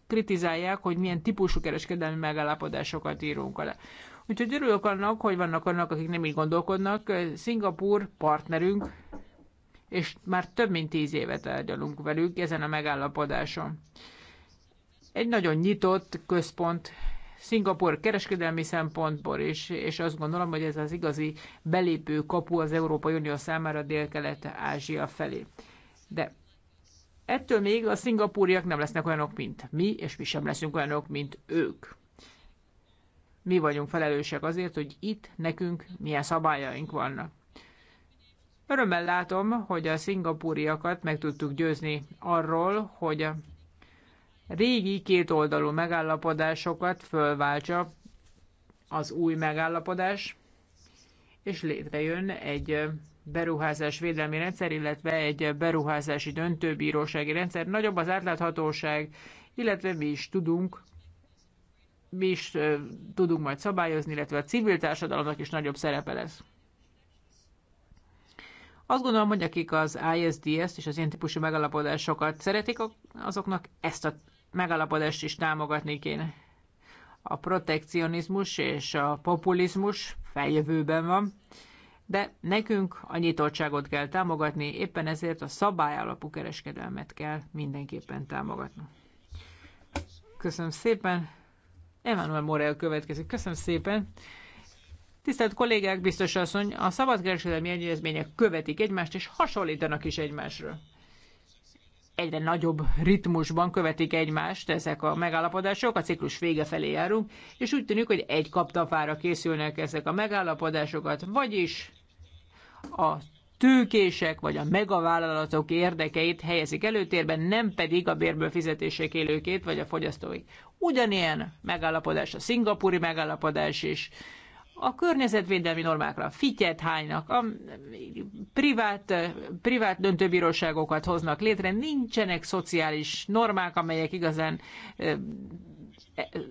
kritizálják, hogy milyen típusú kereskedelmi megállapodásokat írunk alá. Úgyhogy örülök annak, hogy vannak annak, akik nem így gondolkodnak. Szingapúr partnerünk, és már több mint tíz éve tárgyalunk velük ezen a megállapodáson. Egy nagyon nyitott központ Szingapur kereskedelmi szempontból és, és azt gondolom, hogy ez az igazi belépő kapu az Európai Unió számára Dél-Kelet-Ázsia felé. De ettől még a szingapúriak nem lesznek olyanok, mint mi, és mi sem leszünk olyanok, mint ők. Mi vagyunk felelősek azért, hogy itt nekünk milyen szabályaink vannak. Örömmel látom, hogy a szingapúriakat meg tudtuk győzni arról, hogy a régi kétoldalú megállapodásokat fölváltsa az új megállapodás, és létrejön egy beruházás védelmi rendszer, illetve egy beruházási döntőbírósági rendszer. Nagyobb az átláthatóság, illetve mi is tudunk mi is tudunk majd szabályozni, illetve a civil társadalomnak is nagyobb szerepe lesz. Azt gondolom, hogy akik az ISDS-t és az ilyen típusú megalapodásokat szeretik, azoknak ezt a megalapodást is támogatni kéne. A protekcionizmus és a populizmus feljövőben van, de nekünk a nyitottságot kell támogatni, éppen ezért a szabályalapú kereskedelmet kell mindenképpen támogatni. Köszönöm szépen. Emmanuel Morel következik. Köszönöm szépen. Tisztelt kollégák, biztos asszony, a szabadkereskedelmi egyezmények követik egymást, és hasonlítanak is egymásra egyre nagyobb ritmusban követik egymást ezek a megállapodások, a ciklus vége felé járunk, és úgy tűnik, hogy egy kaptafára készülnek ezek a megállapodásokat, vagyis a tőkések vagy a megavállalatok érdekeit helyezik előtérben, nem pedig a bérből fizetések élőkét vagy a fogyasztóik. Ugyanilyen megállapodás a szingapúri megállapodás is, a környezetvédelmi normákra fityet hánynak, a privát, privát döntőbíróságokat hoznak létre, nincsenek szociális normák, amelyek igazán e,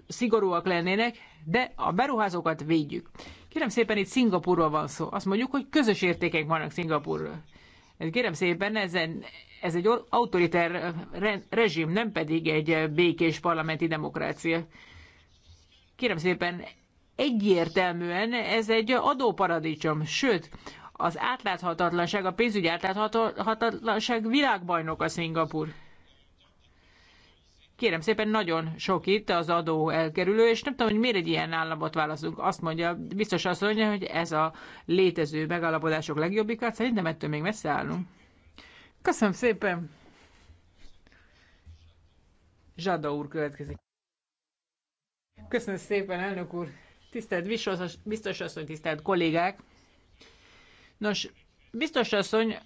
szigorúak lennének, de a beruházókat védjük. Kérem szépen, itt Szingapurról van szó. Azt mondjuk, hogy közös értékek vannak Szingapurról. Kérem szépen, ezen, ez egy autoriter rezsim, nem pedig egy békés parlamenti demokrácia. Kérem szépen, egyértelműen ez egy adóparadicsom, sőt, az átláthatatlanság, a pénzügyi átláthatatlanság világbajnok a Szingapur. Kérem szépen, nagyon sok itt az adó elkerülő, és nem tudom, hogy miért egy ilyen államot válaszunk. Azt mondja, biztos azt mondja, hogy ez a létező megállapodások legjobbikát, szerintem ettől még messze állunk. Köszönöm szépen! Zsada úr következik. Köszönöm szépen, elnök úr! Tisztelt biztos asszony, tisztelt kollégák! Nos, biztos asszony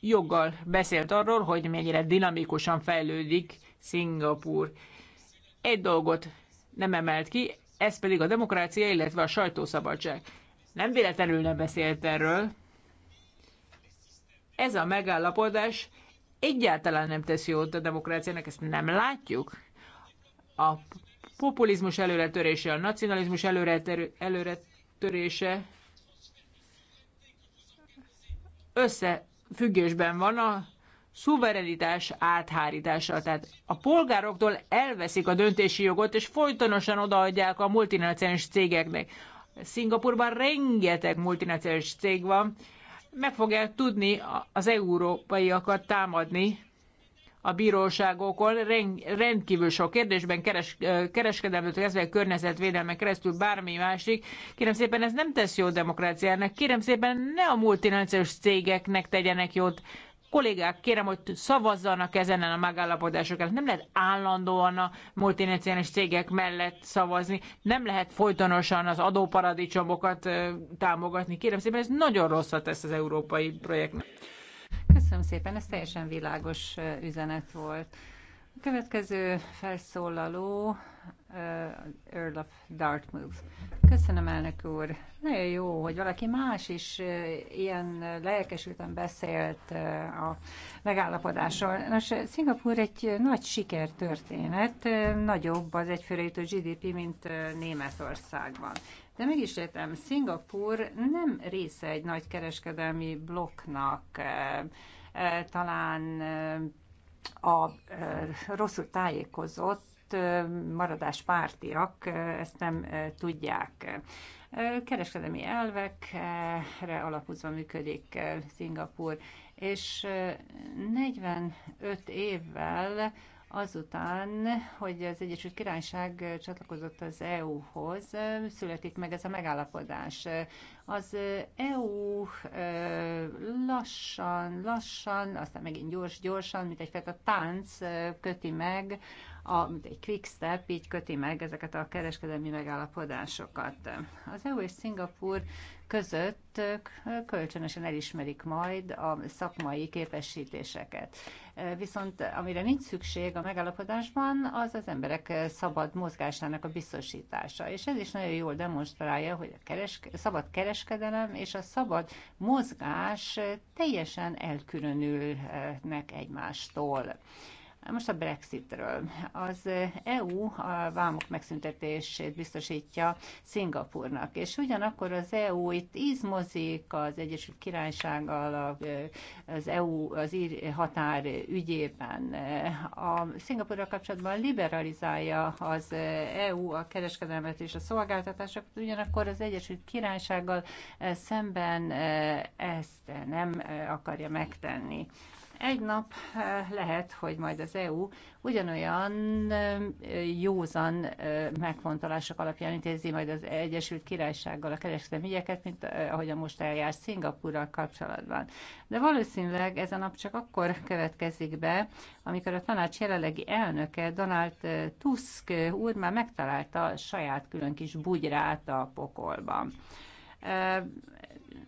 joggal beszélt arról, hogy mennyire dinamikusan fejlődik Szingapúr. Egy dolgot nem emelt ki, ez pedig a demokrácia, illetve a sajtószabadság. Nem véletlenül nem beszélt erről. Ez a megállapodás egyáltalán nem teszi jót a demokráciának, ezt nem látjuk. A populizmus előretörése, a nacionalizmus előretörése, összefüggésben van a szuverenitás áthárítása. Tehát a polgároktól elveszik a döntési jogot, és folytonosan odaadják a multinacionális cégeknek. Szingapurban rengeteg multinacionális cég van, meg fogják tudni az európaiakat támadni, a bíróságokon rendkívül sok kérdésben, keres, kereskedelmől kezdve környezetvédelmen keresztül bármi másik. Kérem szépen, ez nem tesz jó demokráciának. Kérem szépen, ne a multinacionális cégeknek tegyenek jót. Kollégák, kérem, hogy szavazzanak ezen a megállapodásokon. Nem lehet állandóan a multinacionális cégek mellett szavazni, nem lehet folytonosan az adóparadicsomokat támogatni. Kérem szépen, ez nagyon rosszat tesz az európai projektnek. Köszönöm szépen, ez teljesen világos üzenet volt. A következő felszólaló uh, Earl of Dartmouth. Köszönöm, elnök úr. Nagyon jó, hogy valaki más is uh, ilyen lelkesülten beszélt uh, a megállapodásról. Nos, Szingapúr egy nagy sikertörténet, uh, nagyobb az egyfőre jutó GDP, mint uh, Németországban. De mégis értem, Szingapur nem része egy nagy kereskedelmi blokknak. Talán a rosszul tájékozott maradás pártiak ezt nem tudják. Kereskedelmi elvekre alapozva működik Szingapur, és 45 évvel azután, hogy az Egyesült Királyság csatlakozott az EU-hoz, születik meg ez a megállapodás. Az EU lassan, lassan, aztán megint gyors, gyorsan, mint egyfajta tánc köti meg a, egy quick step így köti meg ezeket a kereskedelmi megállapodásokat. Az EU és Szingapur között kölcsönösen elismerik majd a szakmai képesítéseket. Viszont amire nincs szükség a megállapodásban, az az emberek szabad mozgásának a biztosítása. És ez is nagyon jól demonstrálja, hogy a kereske, szabad kereskedelem és a szabad mozgás teljesen elkülönülnek egymástól. Most a Brexitről. Az EU a vámok megszüntetését biztosítja Szingapurnak, és ugyanakkor az EU itt izmozik az Egyesült Királysággal, az EU az ír határ ügyében. A Szingapurral kapcsolatban liberalizálja az EU a kereskedelmet és a szolgáltatásokat, ugyanakkor az Egyesült Királysággal szemben e, ezt nem e, akarja megtenni egy nap eh, lehet, hogy majd az EU ugyanolyan eh, józan eh, megfontolások alapján intézi majd az Egyesült Királysággal a kereskedelmi ügyeket, mint ahogy a most eljár Szingapurral kapcsolatban. De valószínűleg ez a nap csak akkor következik be, amikor a tanács jelenlegi elnöke Donald Tusk úr már megtalálta a saját külön kis bugyrát a pokolban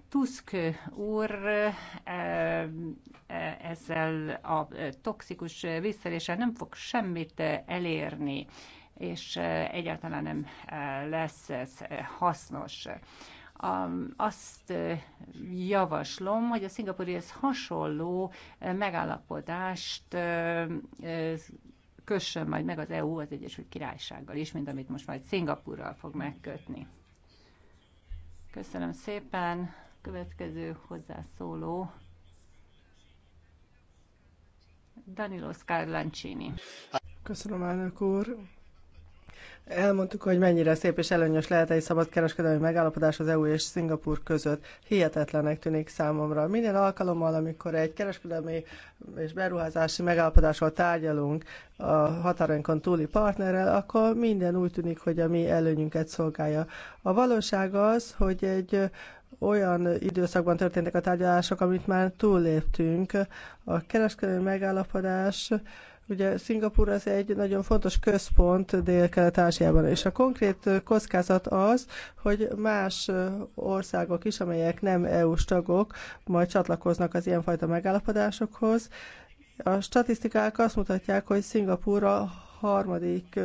Tusk úr e, e, ezzel a toxikus visszeléssel nem fog semmit elérni, és e, egyáltalán nem lesz ez hasznos azt javaslom, hogy a ez hasonló megállapodást kössön majd meg az EU az Egyesült Királysággal is, mint amit most majd Szingapúrral fog megkötni. Köszönöm szépen. Következő hozzászóló. Danilo Scarlancini. Köszönöm, elnök úr. Elmondtuk, hogy mennyire szép és előnyös lehet egy szabadkereskedelmi megállapodás az EU és Szingapur között. Hihetetlenek tűnik számomra. Minden alkalommal, amikor egy kereskedelmi és beruházási megállapodásról tárgyalunk a határainkon túli partnerrel, akkor minden úgy tűnik, hogy a mi előnyünket szolgálja. A valóság az, hogy egy olyan időszakban történtek a tárgyalások, amit már túléptünk. A kereskedelmi megállapodás Ugye Szingapur az egy nagyon fontos központ Dél-Kelet-Ázsiában, és a konkrét kockázat az, hogy más országok is, amelyek nem EU-s tagok, majd csatlakoznak az ilyenfajta megállapodásokhoz. A statisztikák azt mutatják, hogy Szingapur a harmadik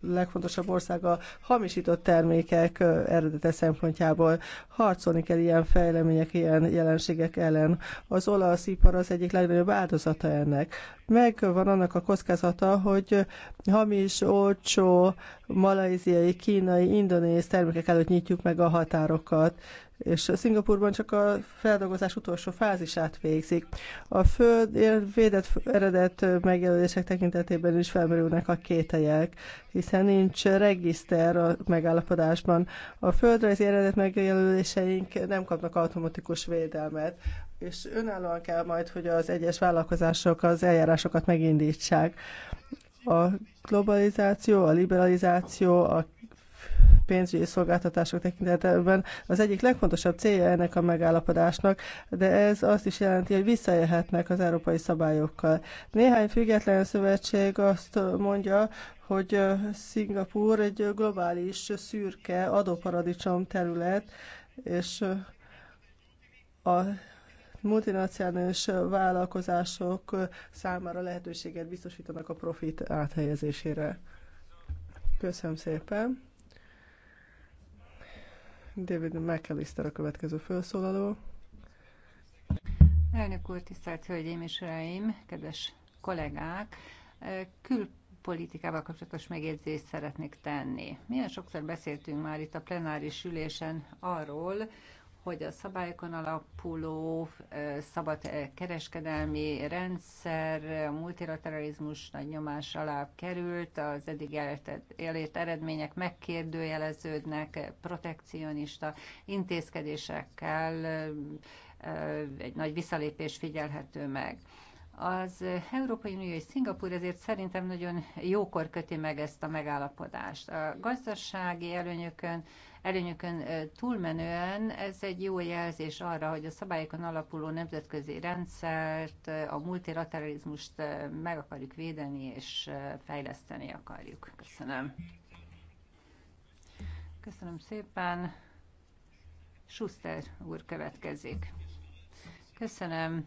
legfontosabb ország a hamisított termékek eredete szempontjából. Harcolni kell ilyen fejlemények, ilyen jelenségek ellen. Az olasz ipar az egyik legnagyobb áldozata ennek. Megvan annak a kockázata, hogy hamis, olcsó, malajziai, kínai, indonéz termékek előtt nyitjuk meg a határokat és Szingapurban csak a feldolgozás utolsó fázisát végzik. A föld védett eredet megjelölések tekintetében is felmerülnek a kételyek, hiszen nincs regiszter a megállapodásban. A földrajzi eredet megjelöléseink nem kapnak automatikus védelmet, és önállóan kell majd, hogy az egyes vállalkozások az eljárásokat megindítsák a globalizáció, a liberalizáció, a pénzügyi szolgáltatások tekintetében az egyik legfontosabb célja ennek a megállapodásnak, de ez azt is jelenti, hogy visszaélhetnek az európai szabályokkal. Néhány független szövetség azt mondja, hogy Szingapúr egy globális szürke adóparadicsom terület, és a multinacionális vállalkozások számára lehetőséget biztosítanak a profit áthelyezésére. Köszönöm szépen! David McAllister a következő felszólaló. Elnök úr, tisztelt Hölgyeim és Uraim, kedves kollégák! külpolitikával kapcsolatos megjegyzést szeretnék tenni. Milyen sokszor beszéltünk már itt a plenáris ülésen arról, hogy a szabályokon alapuló szabad kereskedelmi rendszer, a multilateralizmus nagy nyomás alá került, az eddig elért eredmények megkérdőjeleződnek, protekcionista intézkedésekkel egy nagy visszalépés figyelhető meg. Az Európai Unió és Szingapúr ezért szerintem nagyon jókor köti meg ezt a megállapodást. A gazdasági előnyökön, előnyökön túlmenően ez egy jó jelzés arra, hogy a szabályokon alapuló nemzetközi rendszert, a multilateralizmust meg akarjuk védeni és fejleszteni akarjuk. Köszönöm. Köszönöm szépen. Schuster úr következik. Köszönöm.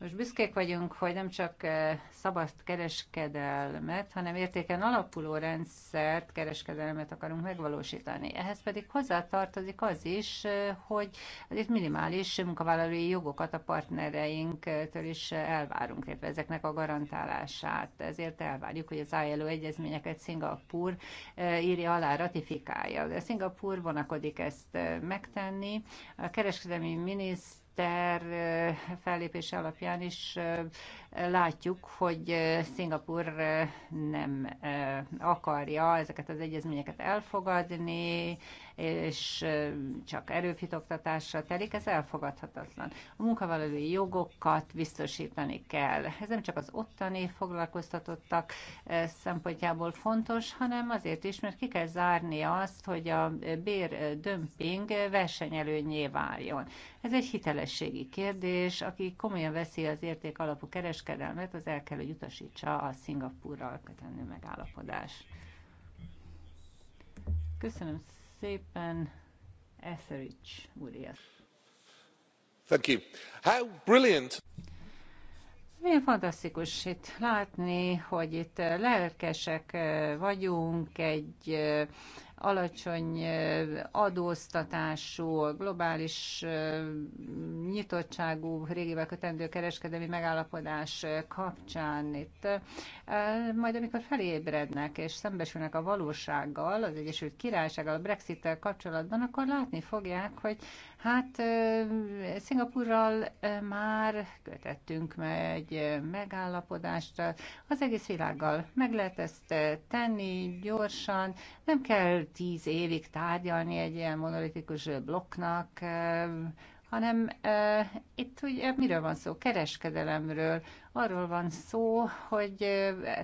Most büszkék vagyunk, hogy nem csak eh, szabaszt kereskedelmet, hanem értéken alapuló rendszert, kereskedelmet akarunk megvalósítani. Ehhez pedig hozzátartozik az is, eh, hogy itt minimális munkavállalói jogokat a partnereinktől is elvárunk, illetve ezeknek a garantálását. Ezért elvárjuk, hogy az ILO egyezményeket Szingapúr eh, írja alá, ratifikálja. De Szingapúr vonakodik ezt megtenni. A kereskedelmi miniszter miniszter fellépése alapján is látjuk, hogy Szingapur nem akarja ezeket az egyezményeket elfogadni, és csak erőfitoktatásra telik, ez elfogadhatatlan. A munkavállalói jogokat biztosítani kell. Ez nem csak az ottani foglalkoztatottak szempontjából fontos, hanem azért is, mert ki kell zárni azt, hogy a bérdömping versenyelőnyé váljon. Ez egy hitelességi kérdés, aki komolyan veszi az érték alapú kereskedelmet, az el kell, hogy utasítsa a Szingapúrral kötendő megállapodás. Köszönöm szépen, Etheridge úr Thank you. How brilliant! Milyen fantasztikus itt látni, hogy itt lelkesek eh, vagyunk, egy eh, alacsony adóztatású, globális nyitottságú, régével kötendő kereskedelmi megállapodás kapcsán itt, majd amikor felébrednek és szembesülnek a valósággal, az Egyesült Királysággal, a Brexit-tel kapcsolatban, akkor látni fogják, hogy Hát Szingapurral már kötettünk meg egy megállapodást, az egész világgal meg lehet ezt tenni gyorsan, nem kell tíz évig tárgyalni egy ilyen monolitikus blokknak, hanem e, itt ugye miről van szó? Kereskedelemről. Arról van szó, hogy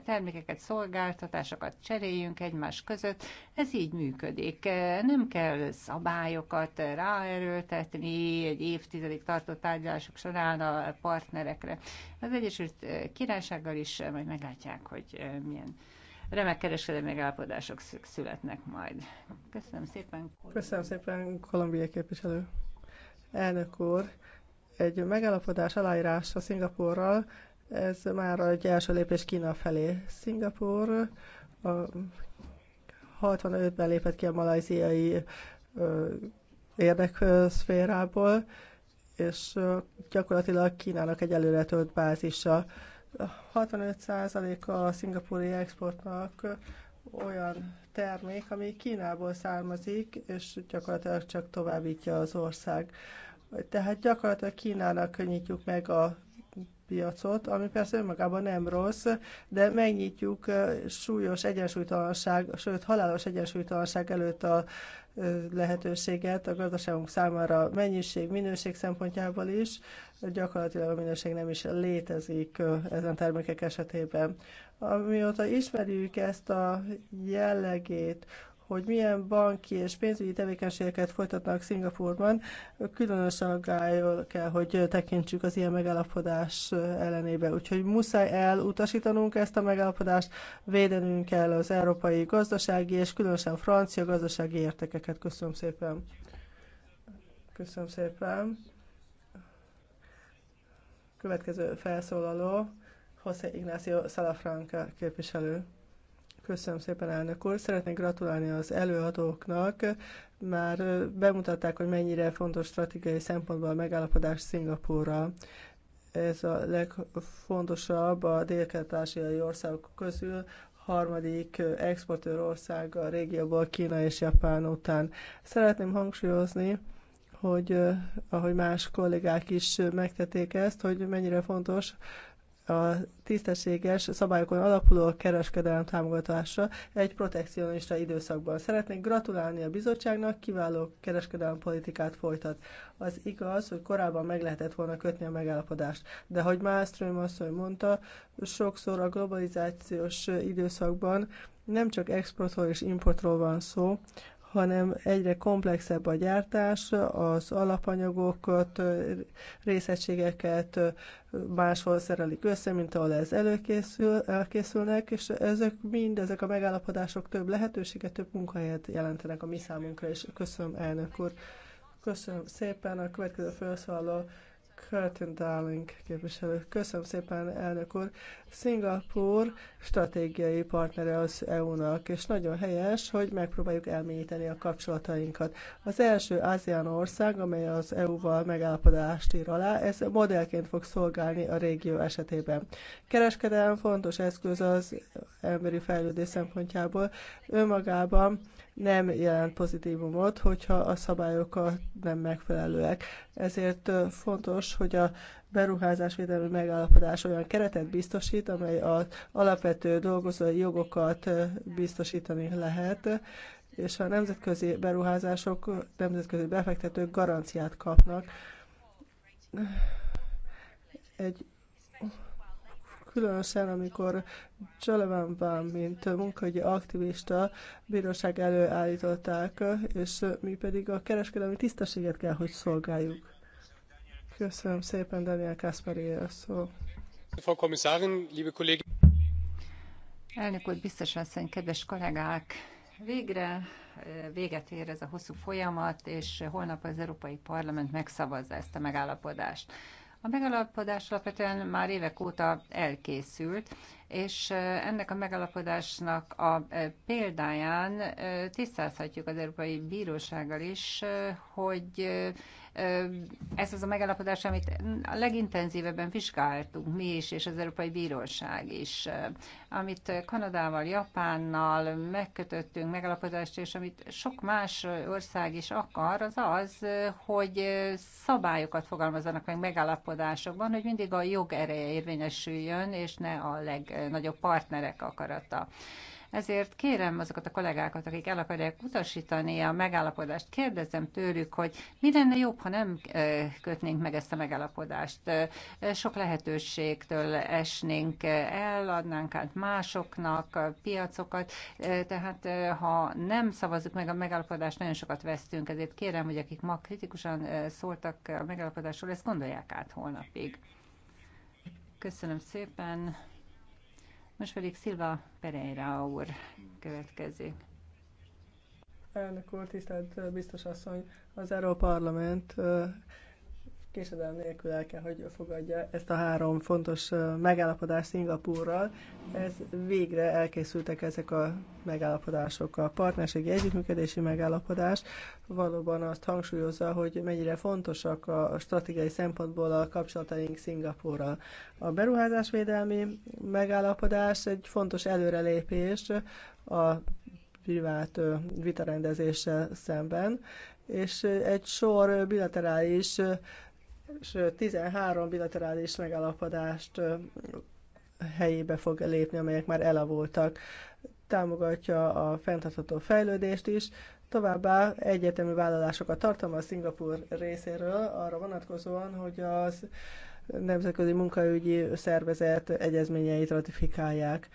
termékeket, szolgáltatásokat cseréljünk egymás között. Ez így működik. Nem kell szabályokat ráerőltetni egy évtizedig tartó tárgyalások során a partnerekre. Az Egyesült Királysággal is majd meglátják, hogy milyen remek kereskedelmi megállapodások születnek majd. Köszönöm szépen. Köszönöm szépen, Kolumbia képviselő. Elnök úr, egy megállapodás aláírása Szingapurral, ez már egy első lépés Kína felé. Szingapur a 65-ben lépett ki a malajziai érdekszférából, és gyakorlatilag Kínának egy előretölt bázisa. 65%-a a szingapúri exportnak olyan termék, ami Kínából származik, és gyakorlatilag csak továbbítja az ország. Tehát gyakorlatilag Kínának könnyítjük meg a piacot, ami persze önmagában nem rossz, de megnyitjuk eh, súlyos egyensúlytalanság, sőt halálos egyensúlytalanság előtt a lehetőséget a gazdaságunk számára mennyiség, minőség szempontjából is. Gyakorlatilag a minőség nem is létezik ezen termékek esetében. Amióta ismerjük ezt a jellegét, hogy milyen banki és pénzügyi tevékenységeket folytatnak Szingapurban, különös aggályról kell, hogy tekintsük az ilyen megállapodás ellenébe. Úgyhogy muszáj elutasítanunk ezt a megállapodást, védenünk kell az európai gazdasági és különösen francia gazdasági értékeket. Köszönöm szépen. Köszönöm szépen. Következő felszólaló, José Ignacio Salafranca képviselő. Köszönöm szépen, elnök úr. Szeretnék gratulálni az előadóknak. Már bemutatták, hogy mennyire fontos stratégiai szempontból a megállapodás Szingapúra. Ez a legfontosabb a dél ázsiai országok közül, harmadik exportőr ország a régióból Kína és Japán után. Szeretném hangsúlyozni, hogy eh, ahogy más kollégák is megtették ezt, hogy mennyire fontos a tisztességes szabályokon alapuló kereskedelem támogatása egy protekcionista időszakban. Szeretnék gratulálni a bizottságnak, kiváló kereskedelmi politikát folytat. Az igaz, hogy korábban meg lehetett volna kötni a megállapodást, de hogy Malmström asszony mondta, sokszor a globalizációs időszakban nem csak exportról és importról van szó, hanem egyre komplexebb a gyártás, az alapanyagokat, részegységeket máshol szerelik össze, mint ahol ez előkészül, elkészülnek, és ezek mind, ezek a megállapodások több lehetőséget, több munkahelyet jelentenek a mi számunkra, és köszönöm elnök úr. Köszönöm szépen a következő felszólaló Curtin Darling képviselő. Köszönöm szépen, elnök úr. Szingapúr stratégiai partnere az EU-nak, és nagyon helyes, hogy megpróbáljuk elmélyíteni a kapcsolatainkat. Az első ázián ország, amely az EU-val megállapodást ír alá, ez modellként fog szolgálni a régió esetében. Kereskedelem fontos eszköz az emberi fejlődés szempontjából. Önmagában nem jelent pozitívumot, hogyha a szabályok nem megfelelőek. Ezért fontos, hogy a beruházásvédelmi megállapodás olyan keretet biztosít, amely az alapvető dolgozói jogokat biztosítani lehet, és a nemzetközi beruházások, nemzetközi befektetők garanciát kapnak. Egy Különösen, amikor Csalevánban, mint munkahogyi aktivista bíróság állították, és mi pedig a kereskedelmi tisztességet kell, hogy szolgáljuk. Köszönöm szépen, Daniel Kaspari, a szó. Frau Kommissarin, liebe Kollegin. Elnök úr, biztos asszony, kedves kollégák! Végre eh, véget ér ez a hosszú folyamat, és holnap az Európai Parlament megszavazza ezt a megállapodást. A megalapodás alapvetően már évek óta elkészült, és ennek a megalapodásnak a példáján tisztázhatjuk az Európai Bírósággal is, hogy ez az a megállapodás, amit a legintenzívebben vizsgáltunk mi is, és az Európai Bíróság is, amit Kanadával, Japánnal megkötöttünk megállapodást, és amit sok más ország is akar, az az, hogy szabályokat fogalmazzanak meg megállapodásokban, hogy mindig a jog ereje érvényesüljön, és ne a legnagyobb partnerek akarata. Ezért kérem azokat a kollégákat, akik el akarják utasítani a megállapodást, kérdezem tőlük, hogy mi lenne jobb, ha nem kötnénk meg ezt a megállapodást. Sok lehetőségtől esnénk el, adnánk át másoknak a piacokat, tehát ha nem szavazzuk meg a megállapodást, nagyon sokat vesztünk, ezért kérem, hogy akik ma kritikusan szóltak a megállapodásról, ezt gondolják át holnapig. Köszönöm szépen. Most pedig Szilva Pereira úr következik. Elnök úr, tisztelt biztos asszony, az Parlament késedelem nélkül el kell, hogy fogadja ezt a három fontos megállapodást Szingapúrral. Ez végre elkészültek ezek a megállapodások. A partnerségi együttműködési megállapodás valóban azt hangsúlyozza, hogy mennyire fontosak a stratégiai szempontból a kapcsolataink Szingapúrral. A beruházásvédelmi megállapodás egy fontos előrelépés a privát vitarendezéssel szemben, és egy sor bilaterális sőt 13 bilaterális megállapodást helyébe fog lépni, amelyek már elavultak. Támogatja a fenntartható fejlődést is, Továbbá egyetemi vállalásokat tartalmaz Szingapur részéről arra vonatkozóan, hogy az Nemzetközi Munkaügyi Szervezet egyezményeit ratifikálják.